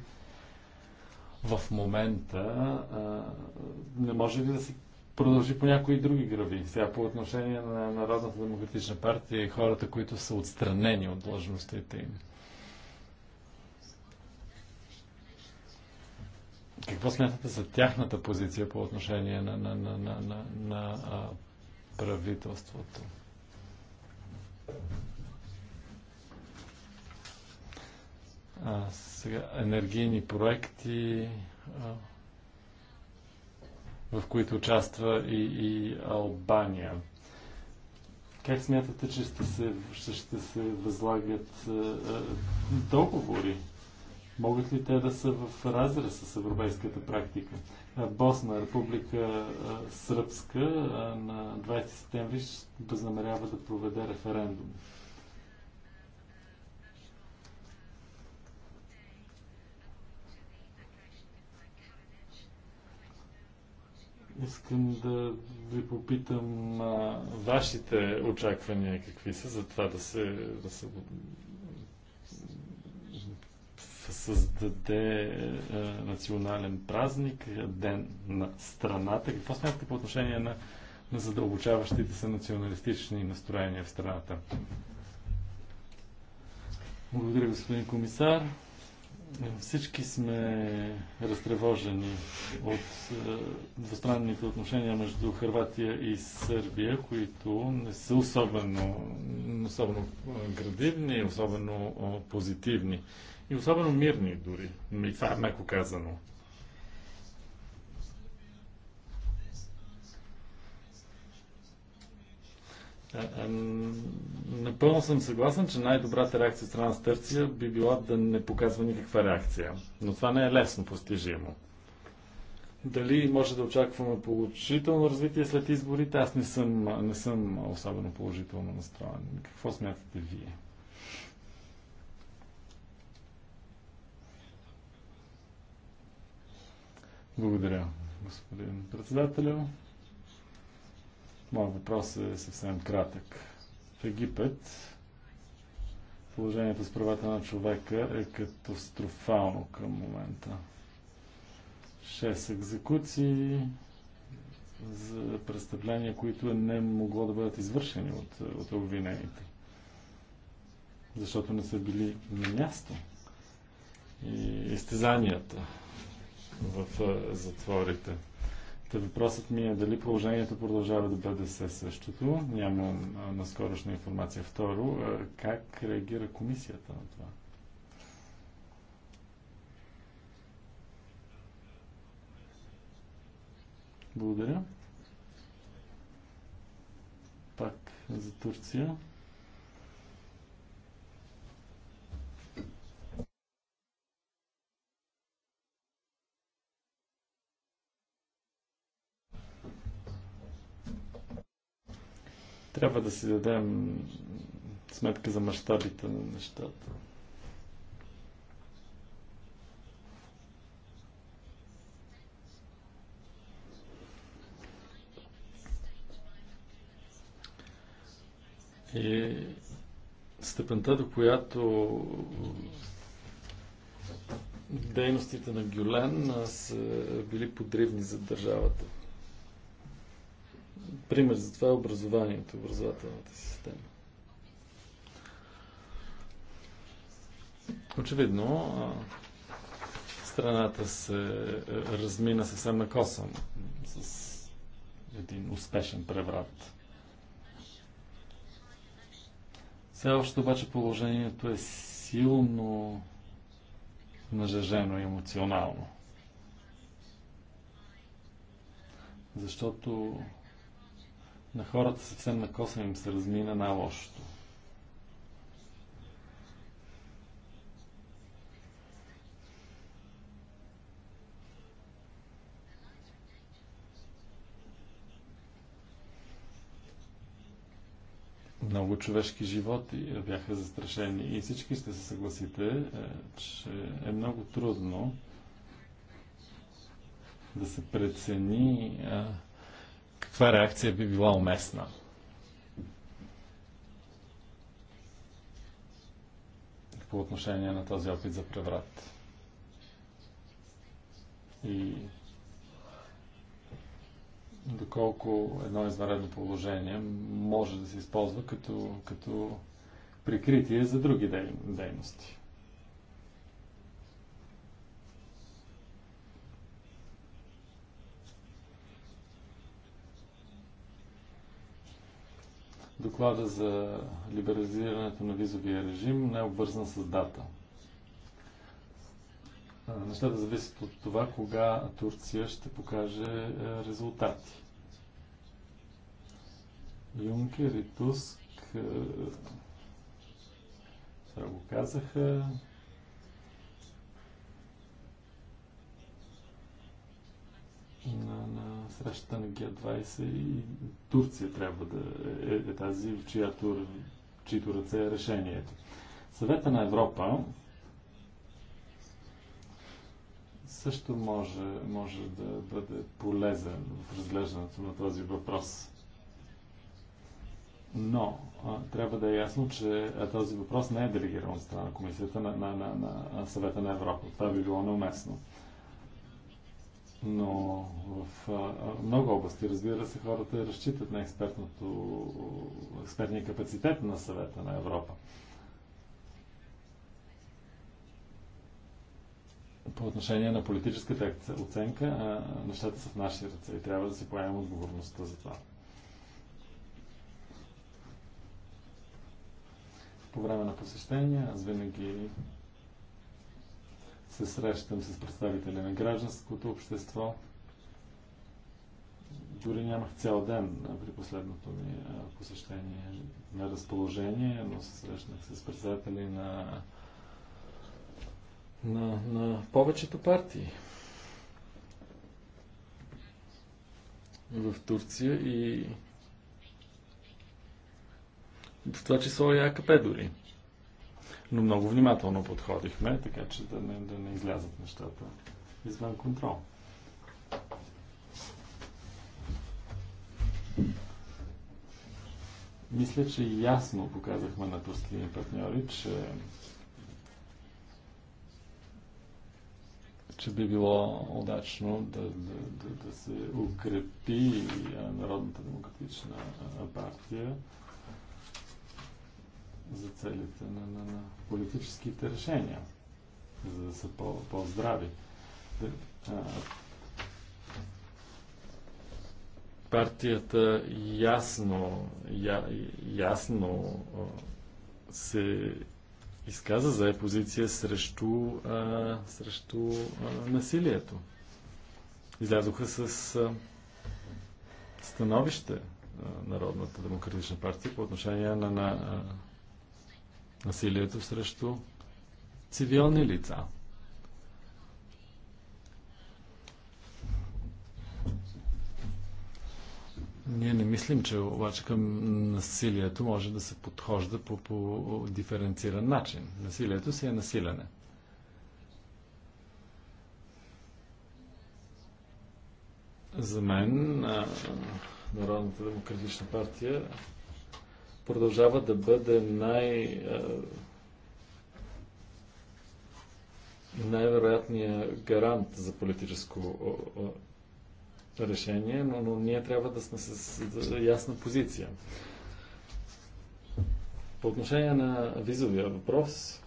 [SPEAKER 3] в момента а, не може ли да се продължи по някои други грави? Сега по отношение на Народната демократична партия и хората, които са отстранени от длъжностите им. Какво смятате за тяхната позиция по отношение на, на, на, на, на, на правителството. А, сега, енергийни проекти, а, в които участва и, и Албания. Как смятате, че ще се, ще, ще се възлагат а, договори? Могат ли те да са в разрез с европейската практика? Босна, Република Сръбска на 20 септември възнамерява да проведе референдум. Искам да ви попитам а, вашите очаквания какви са за това да се, да се създаде е, е, национален празник, е, ден на страната. Какво смятате по отношение на, на задълбочаващите се националистични настроения в страната? Благодаря, господин комисар. Всички сме разтревожени от е, двустранните отношения между Харватия и Сърбия, които не са особено, особено градивни, особено позитивни и особено мирни дори. И това е меко казано. Напълно съм съгласен, че най-добрата реакция страна с Търция би била да не показва никаква реакция. Но това не е лесно постижимо. Дали може да очакваме положително развитие след изборите? Аз не съм, не съм особено положително настроен. Какво смятате вие? Благодаря, господин председателю. Моят въпрос е съвсем кратък. В Египет положението с правата на човека е катастрофално към момента. Шест екзекуции за престъпления, които не могло да бъдат извършени от, от обвинените. Защото не са били на място. И изтезанията в затворите. Та въпросът ми е дали положението продължава да бъде се същото. Нямам наскорошна информация. Второ, как реагира комисията на това? Благодаря. Пак за Турция. Трябва да си дадем сметка за мащабите на нещата. И степента, до която дейностите на Гюлен са били подривни за държавата. Пример за това е образованието, образователната система. Очевидно, страната се е, размина съвсем на косъм с един успешен преврат. Все още обаче положението е силно нажежено емоционално. Защото на хората съвсем на коса им се размина най-лошото. много човешки животи бяха застрашени и всички ще се съгласите, е, че е много трудно да се прецени е, каква реакция би била уместна. По отношение на този опит за преврат. И доколко едно извънредно положение може да се използва като, като прикритие за други дей, дейности. доклада за либерализирането на визовия режим не е обвързан с дата. Нещата зависят от това, кога Турция ще покаже е, резултати. Юнкер и Туск е, това го казаха. На, на срещата на Г20 и Турция трябва да е, е тази, в чиято, чието ръце е решението. Съвета на Европа също може, може да бъде полезен в разглеждането на този въпрос. Но а, трябва да е ясно, че този въпрос не е делегиран от страна на Комисията на, на, на, на Съвета на Европа. Това би било неуместно. Но в много области, разбира се, хората разчитат на експертния капацитет на съвета на Европа. По отношение на политическата оценка, нещата са в наши ръце и трябва да си поемем отговорността за това. По време на посещения аз винаги се срещам с представители на гражданското общество. Дори нямах цял ден при последното ми посещение на разположение, но се срещнах с представители на, на, на повечето партии в Турция и в това число и АКП дори. Но много внимателно подходихме, така че да не, да не излязат нещата извън контрол. Мисля, че ясно показахме на турските партньори, че че би било удачно да, да, да, да се укрепи Народната демократична партия за целите на, на, на политическите решения, за да са по, по-здрави. партията ясно, я, ясно се изказа за е позиция срещу, а, срещу а, насилието. Излязоха с а, становище а, Народната демократична партия по отношение на, на насилието срещу цивилни лица. Ние не мислим, че обаче към насилието може да се подхожда по, по диференциран начин. Насилието си е насилене. За мен Народната демократична партия продължава да бъде най- най-вероятният гарант за политическо решение, но, но ние трябва да сме с ясна позиция. По отношение на визовия въпрос,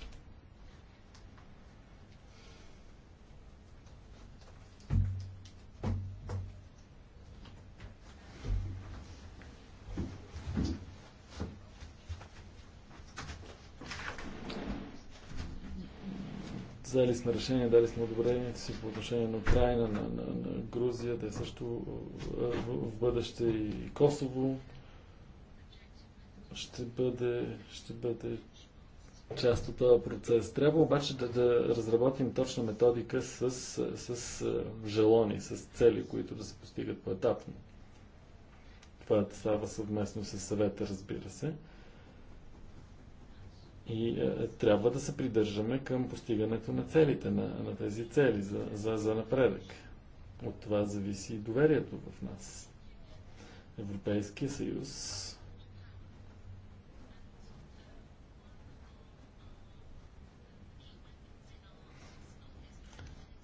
[SPEAKER 3] взели сме решение, дали сме одобрението си по отношение на Украина, на, на, на Грузия, да е също в, в бъдеще и Косово. Ще бъде, ще бъде част от този процес. Трябва обаче да, да разработим точна методика с, с, с желони, с цели, които да се постигат поетапно. Това е, става съвместно с съвета, разбира се. И е, трябва да се придържаме към постигането на целите, на, на тези цели за, за, за напредък. От това зависи и доверието в нас. Европейския съюз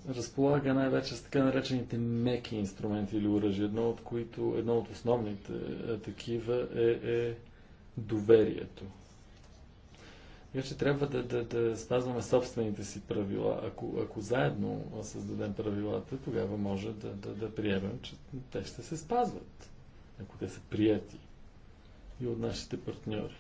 [SPEAKER 3] разполага най-вече с така наречените меки инструменти или оръжия, едно от които, едно от основните е, такива е, е доверието. Иначе трябва да, да, да спазваме собствените си правила. Ако, ако заедно създадем правилата, тогава може да, да, да приемем, че те ще се спазват, ако те са прияти и от нашите партньори.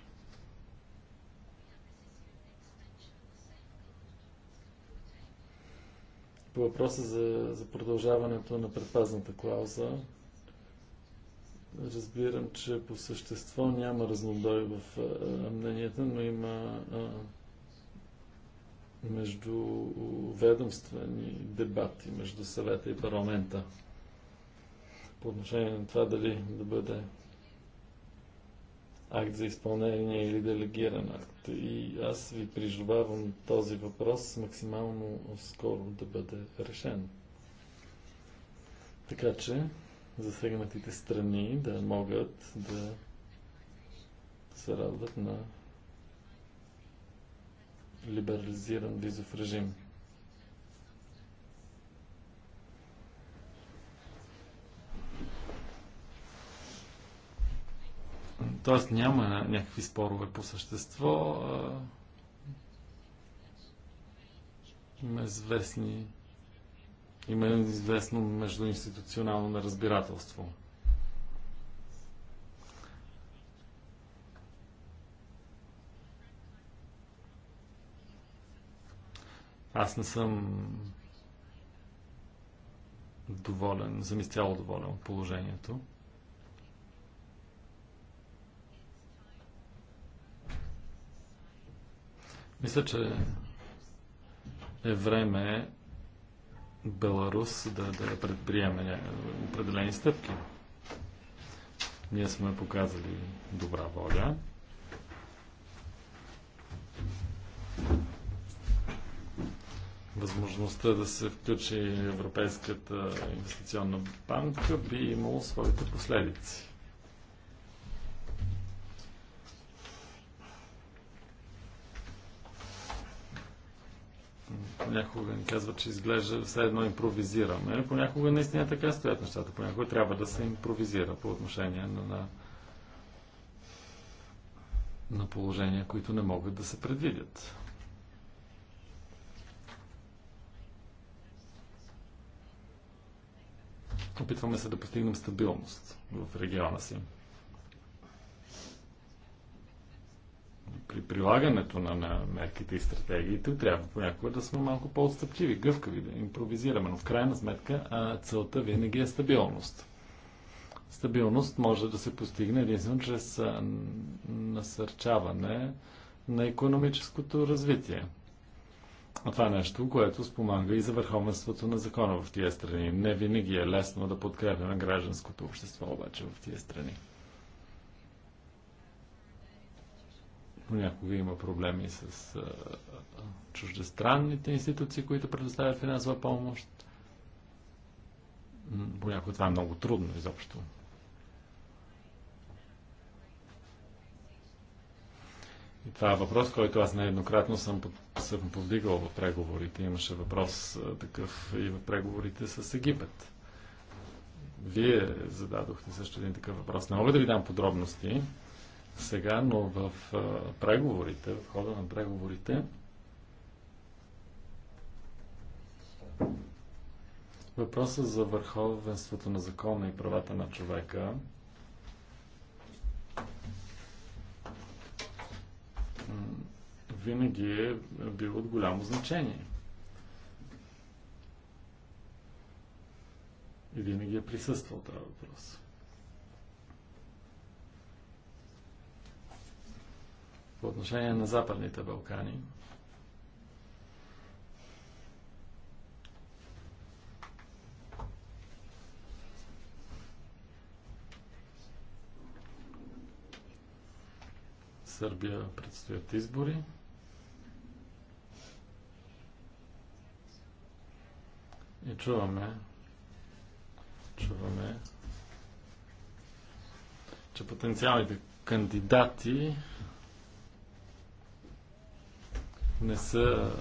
[SPEAKER 3] По въпроса за, за продължаването на предпазната клауза, Разбирам, че по същество няма разнодой в мненията, но има между ведомствени дебати между съвета и парламента по отношение на това дали да бъде акт за изпълнение или делегиран акт. И аз ви призовавам този въпрос максимално скоро да бъде решен. Така че засегнатите страни да могат да се радват на либерализиран визов режим. Тоест няма някакви спорове по същество. Има известни има известно междуинституционално неразбирателство. Аз не съм доволен, не съм изцяло доволен от положението. Мисля, че е време Беларус да, да предприеме определени стъпки. Ние сме показали добра воля. Възможността да се включи Европейската инвестиционна банка би имало своите последици. Понякога ни казва, че изглежда все едно импровизираме. Понякога наистина е така стоят нещата. Понякога трябва да се импровизира по отношение на, на, на положения, които не могат да се предвидят. Опитваме се да постигнем стабилност в региона си. при прилагането на, на мерките и стратегиите трябва понякога да сме малко по-отстъпчиви, гъвкави, да импровизираме, но в крайна сметка а, целта винаги е стабилност. Стабилност може да се постигне единствено чрез а, насърчаване на економическото развитие. А това е нещо, което спомага и за върховенството на закона в тия страни. Не винаги е лесно да подкрепяме гражданското общество обаче в тия страни. Понякога има проблеми с а, чуждестранните институции, които предоставят финансова помощ. Понякога това е много трудно изобщо. И това е въпрос, който аз нееднократно съм, съм повдигал в преговорите. Имаше въпрос такъв и в преговорите с Египет. Вие зададохте също един такъв въпрос. Не мога да ви дам подробности, сега, но в преговорите, в хода на преговорите, въпросът за върховенството на закона и правата на човека винаги е бил от голямо значение. И винаги е присъствал този въпрос. по отношение на Западните Балкани. Сърбия предстоят избори. И чуваме, чуваме, че потенциалните кандидати не са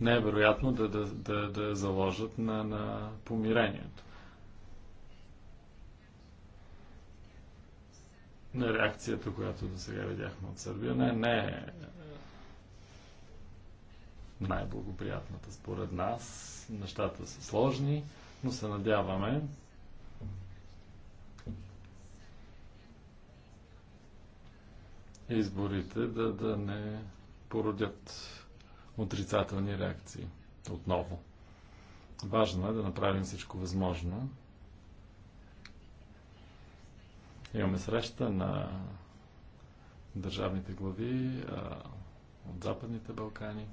[SPEAKER 3] не е вероятно да, да, да, да заложат на, на помирението. На реакцията, която до сега видяхме от Сърбия, не, не е най-благоприятната според нас. Нещата са сложни, но се надяваме изборите да, да не породят отрицателни реакции. Отново. Важно е да направим всичко възможно. Имаме среща на държавните глави а, от Западните Балкани,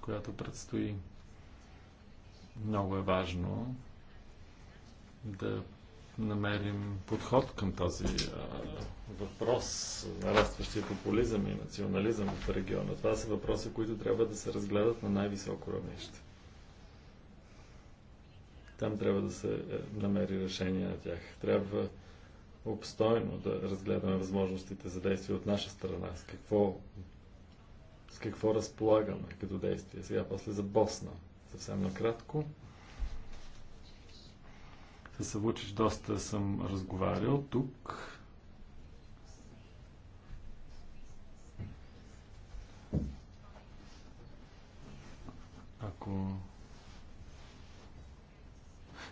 [SPEAKER 3] която предстои. Много е важно да намерим подход към този а, въпрос, нарастващия популизъм и национализъм в региона. Това са въпроси, които трябва да се разгледат на най-високо равнище. Там трябва да се е, намери решение на тях. Трябва обстойно да разгледаме възможностите за действие от наша страна, с какво, с какво разполагаме като действие. Сега после за Босна. Съвсем накратко. С Вучич доста съм разговарял тук. Ако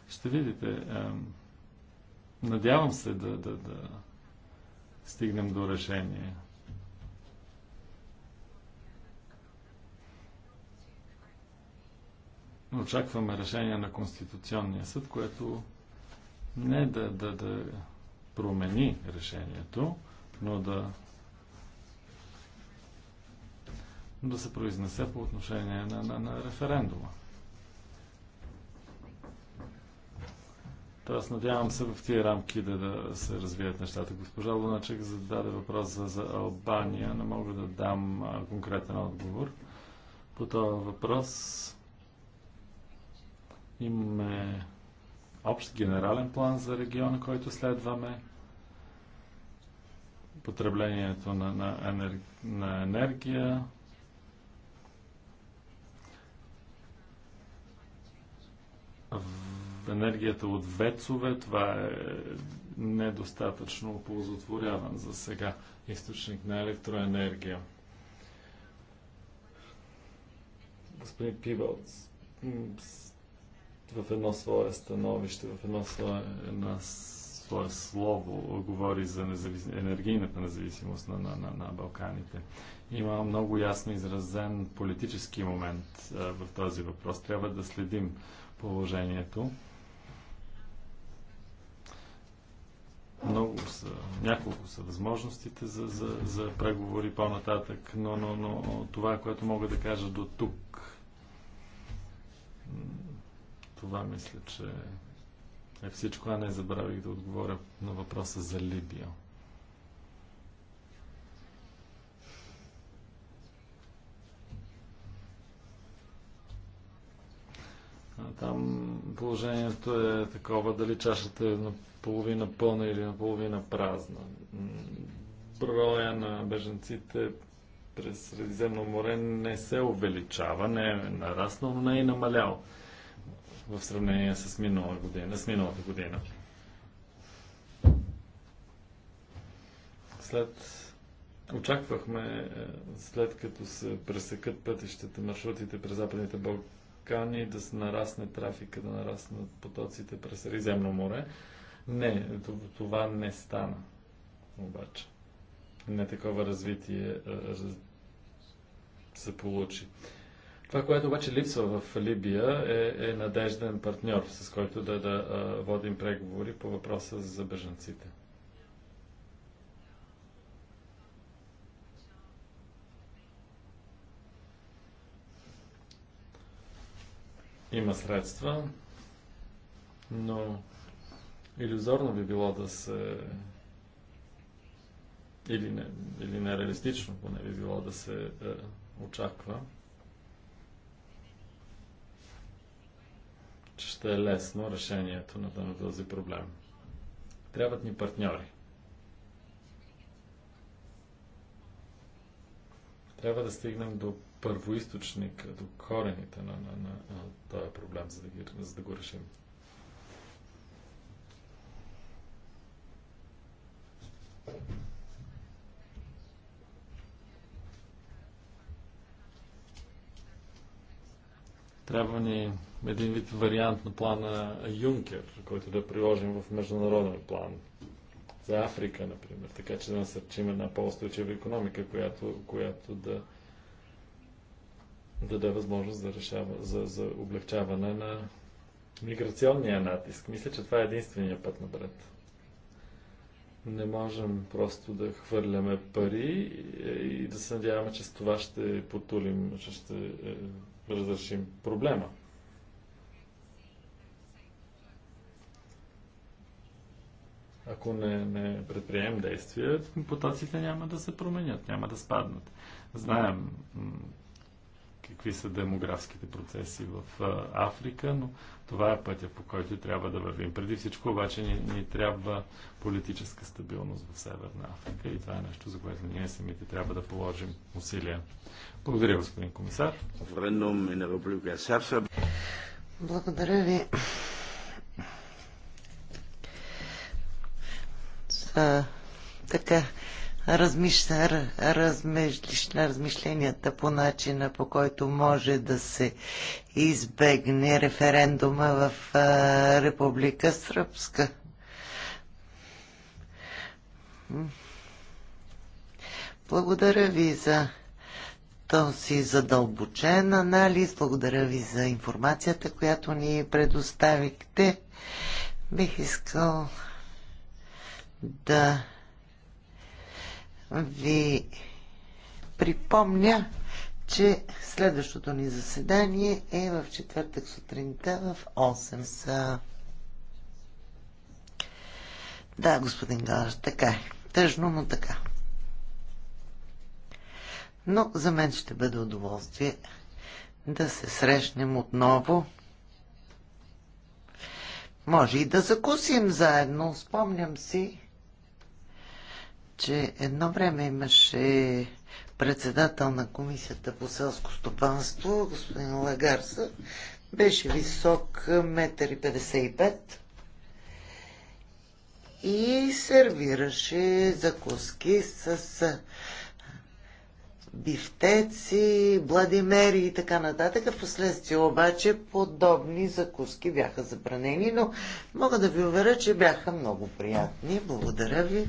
[SPEAKER 3] ще видите, надявам се да, да, да стигнем до решение. Очакваме решение на Конституционния съд, което не е. да, да, да промени решението, но да да се произнесе по отношение на, на, на референдума. Тоест, надявам се в тия рамки да, да се развият нещата. Госпожа Луначек зададе въпрос за, за Албания. Не мога да дам а, конкретен отговор по този въпрос. Имаме общ генерален план за региона, който следваме, потреблението на, на, енер... на енергия, енергията от вецове, това е недостатъчно оползотворяван за сега източник на електроенергия. Господин Пивалц, в едно свое становище, в едно свое, едно свое слово говори за независ... енергийната независимост на, на, на, на Балканите. Има много ясно изразен политически момент а, в този въпрос. Трябва да следим положението. Много са, няколко са възможностите за, за, за преговори по-нататък, но, но, но това, което мога да кажа до тук това мисля, че е всичко. А не забравих да отговоря на въпроса за Либия. Там положението е такова, дали чашата е наполовина пълна или наполовина празна. Броя на беженците през Средиземно море не се увеличава, не е нараснал, но не е намалял в сравнение с минала година, с миналата година. След Очаквахме, е, след като се пресекат пътищата, маршрутите през Западните Балкани, да се нарасне трафика, да нараснат потоците през Средиземно море. Не, това не стана. Обаче. Не такова развитие е, се получи. Това, което обаче липсва в Либия е, е надежден партньор, с който да, да водим преговори по въпроса за бежанците. Има средства, но иллюзорно би било да се или, не, или нереалистично поне би било да се е, очаква че ще е лесно решението на този проблем. Трябват ни партньори. Трябва да стигнем до първоисточника, до корените на, на, на, на този проблем, за да, ги, за да го решим. Трябва ни един вид вариант на плана Юнкер, който да приложим в международен план за Африка, например, така че да насърчим една по-устойчива економика, която, която да даде възможност за, решава, за, за облегчаване на миграционния натиск. Мисля, че това е единствения път напред. Не можем просто да хвърляме пари и да се надяваме, че с това ще потулим, че ще е, разрешим проблема. Ако не, не предприемем действия, потоците няма да се променят, няма да спаднат. Знаем какви са демографските процеси в Африка, но това е пътя, по който трябва да вървим. Преди всичко обаче ни, ни трябва политическа стабилност в Северна Африка и това е нещо, за което ние самите трябва да положим усилия. Благодаря, господин комисар.
[SPEAKER 4] Благодаря ви. така размишля, размишленията по начина, по който може да се избегне референдума в Република Сръбска. Благодаря ви за този задълбочен анализ. Благодаря ви за информацията, която ни предоставихте. Бих искал да ви припомня, че следващото ни заседание е в четвъртък сутринта в 8 са. Да, господин Галаш, така е. Тъжно, но така. Но за мен ще бъде удоволствие да се срещнем отново. Може и да закусим заедно. Спомням си, че едно време имаше председател на комисията по селско стопанство, господин Лагарса. Беше висок 1,55 м и сервираше закуски с бифтеци, бладимери и така нататък. Впоследствие обаче подобни закуски бяха забранени, но мога да ви уверя, че бяха много приятни. Благодаря ви.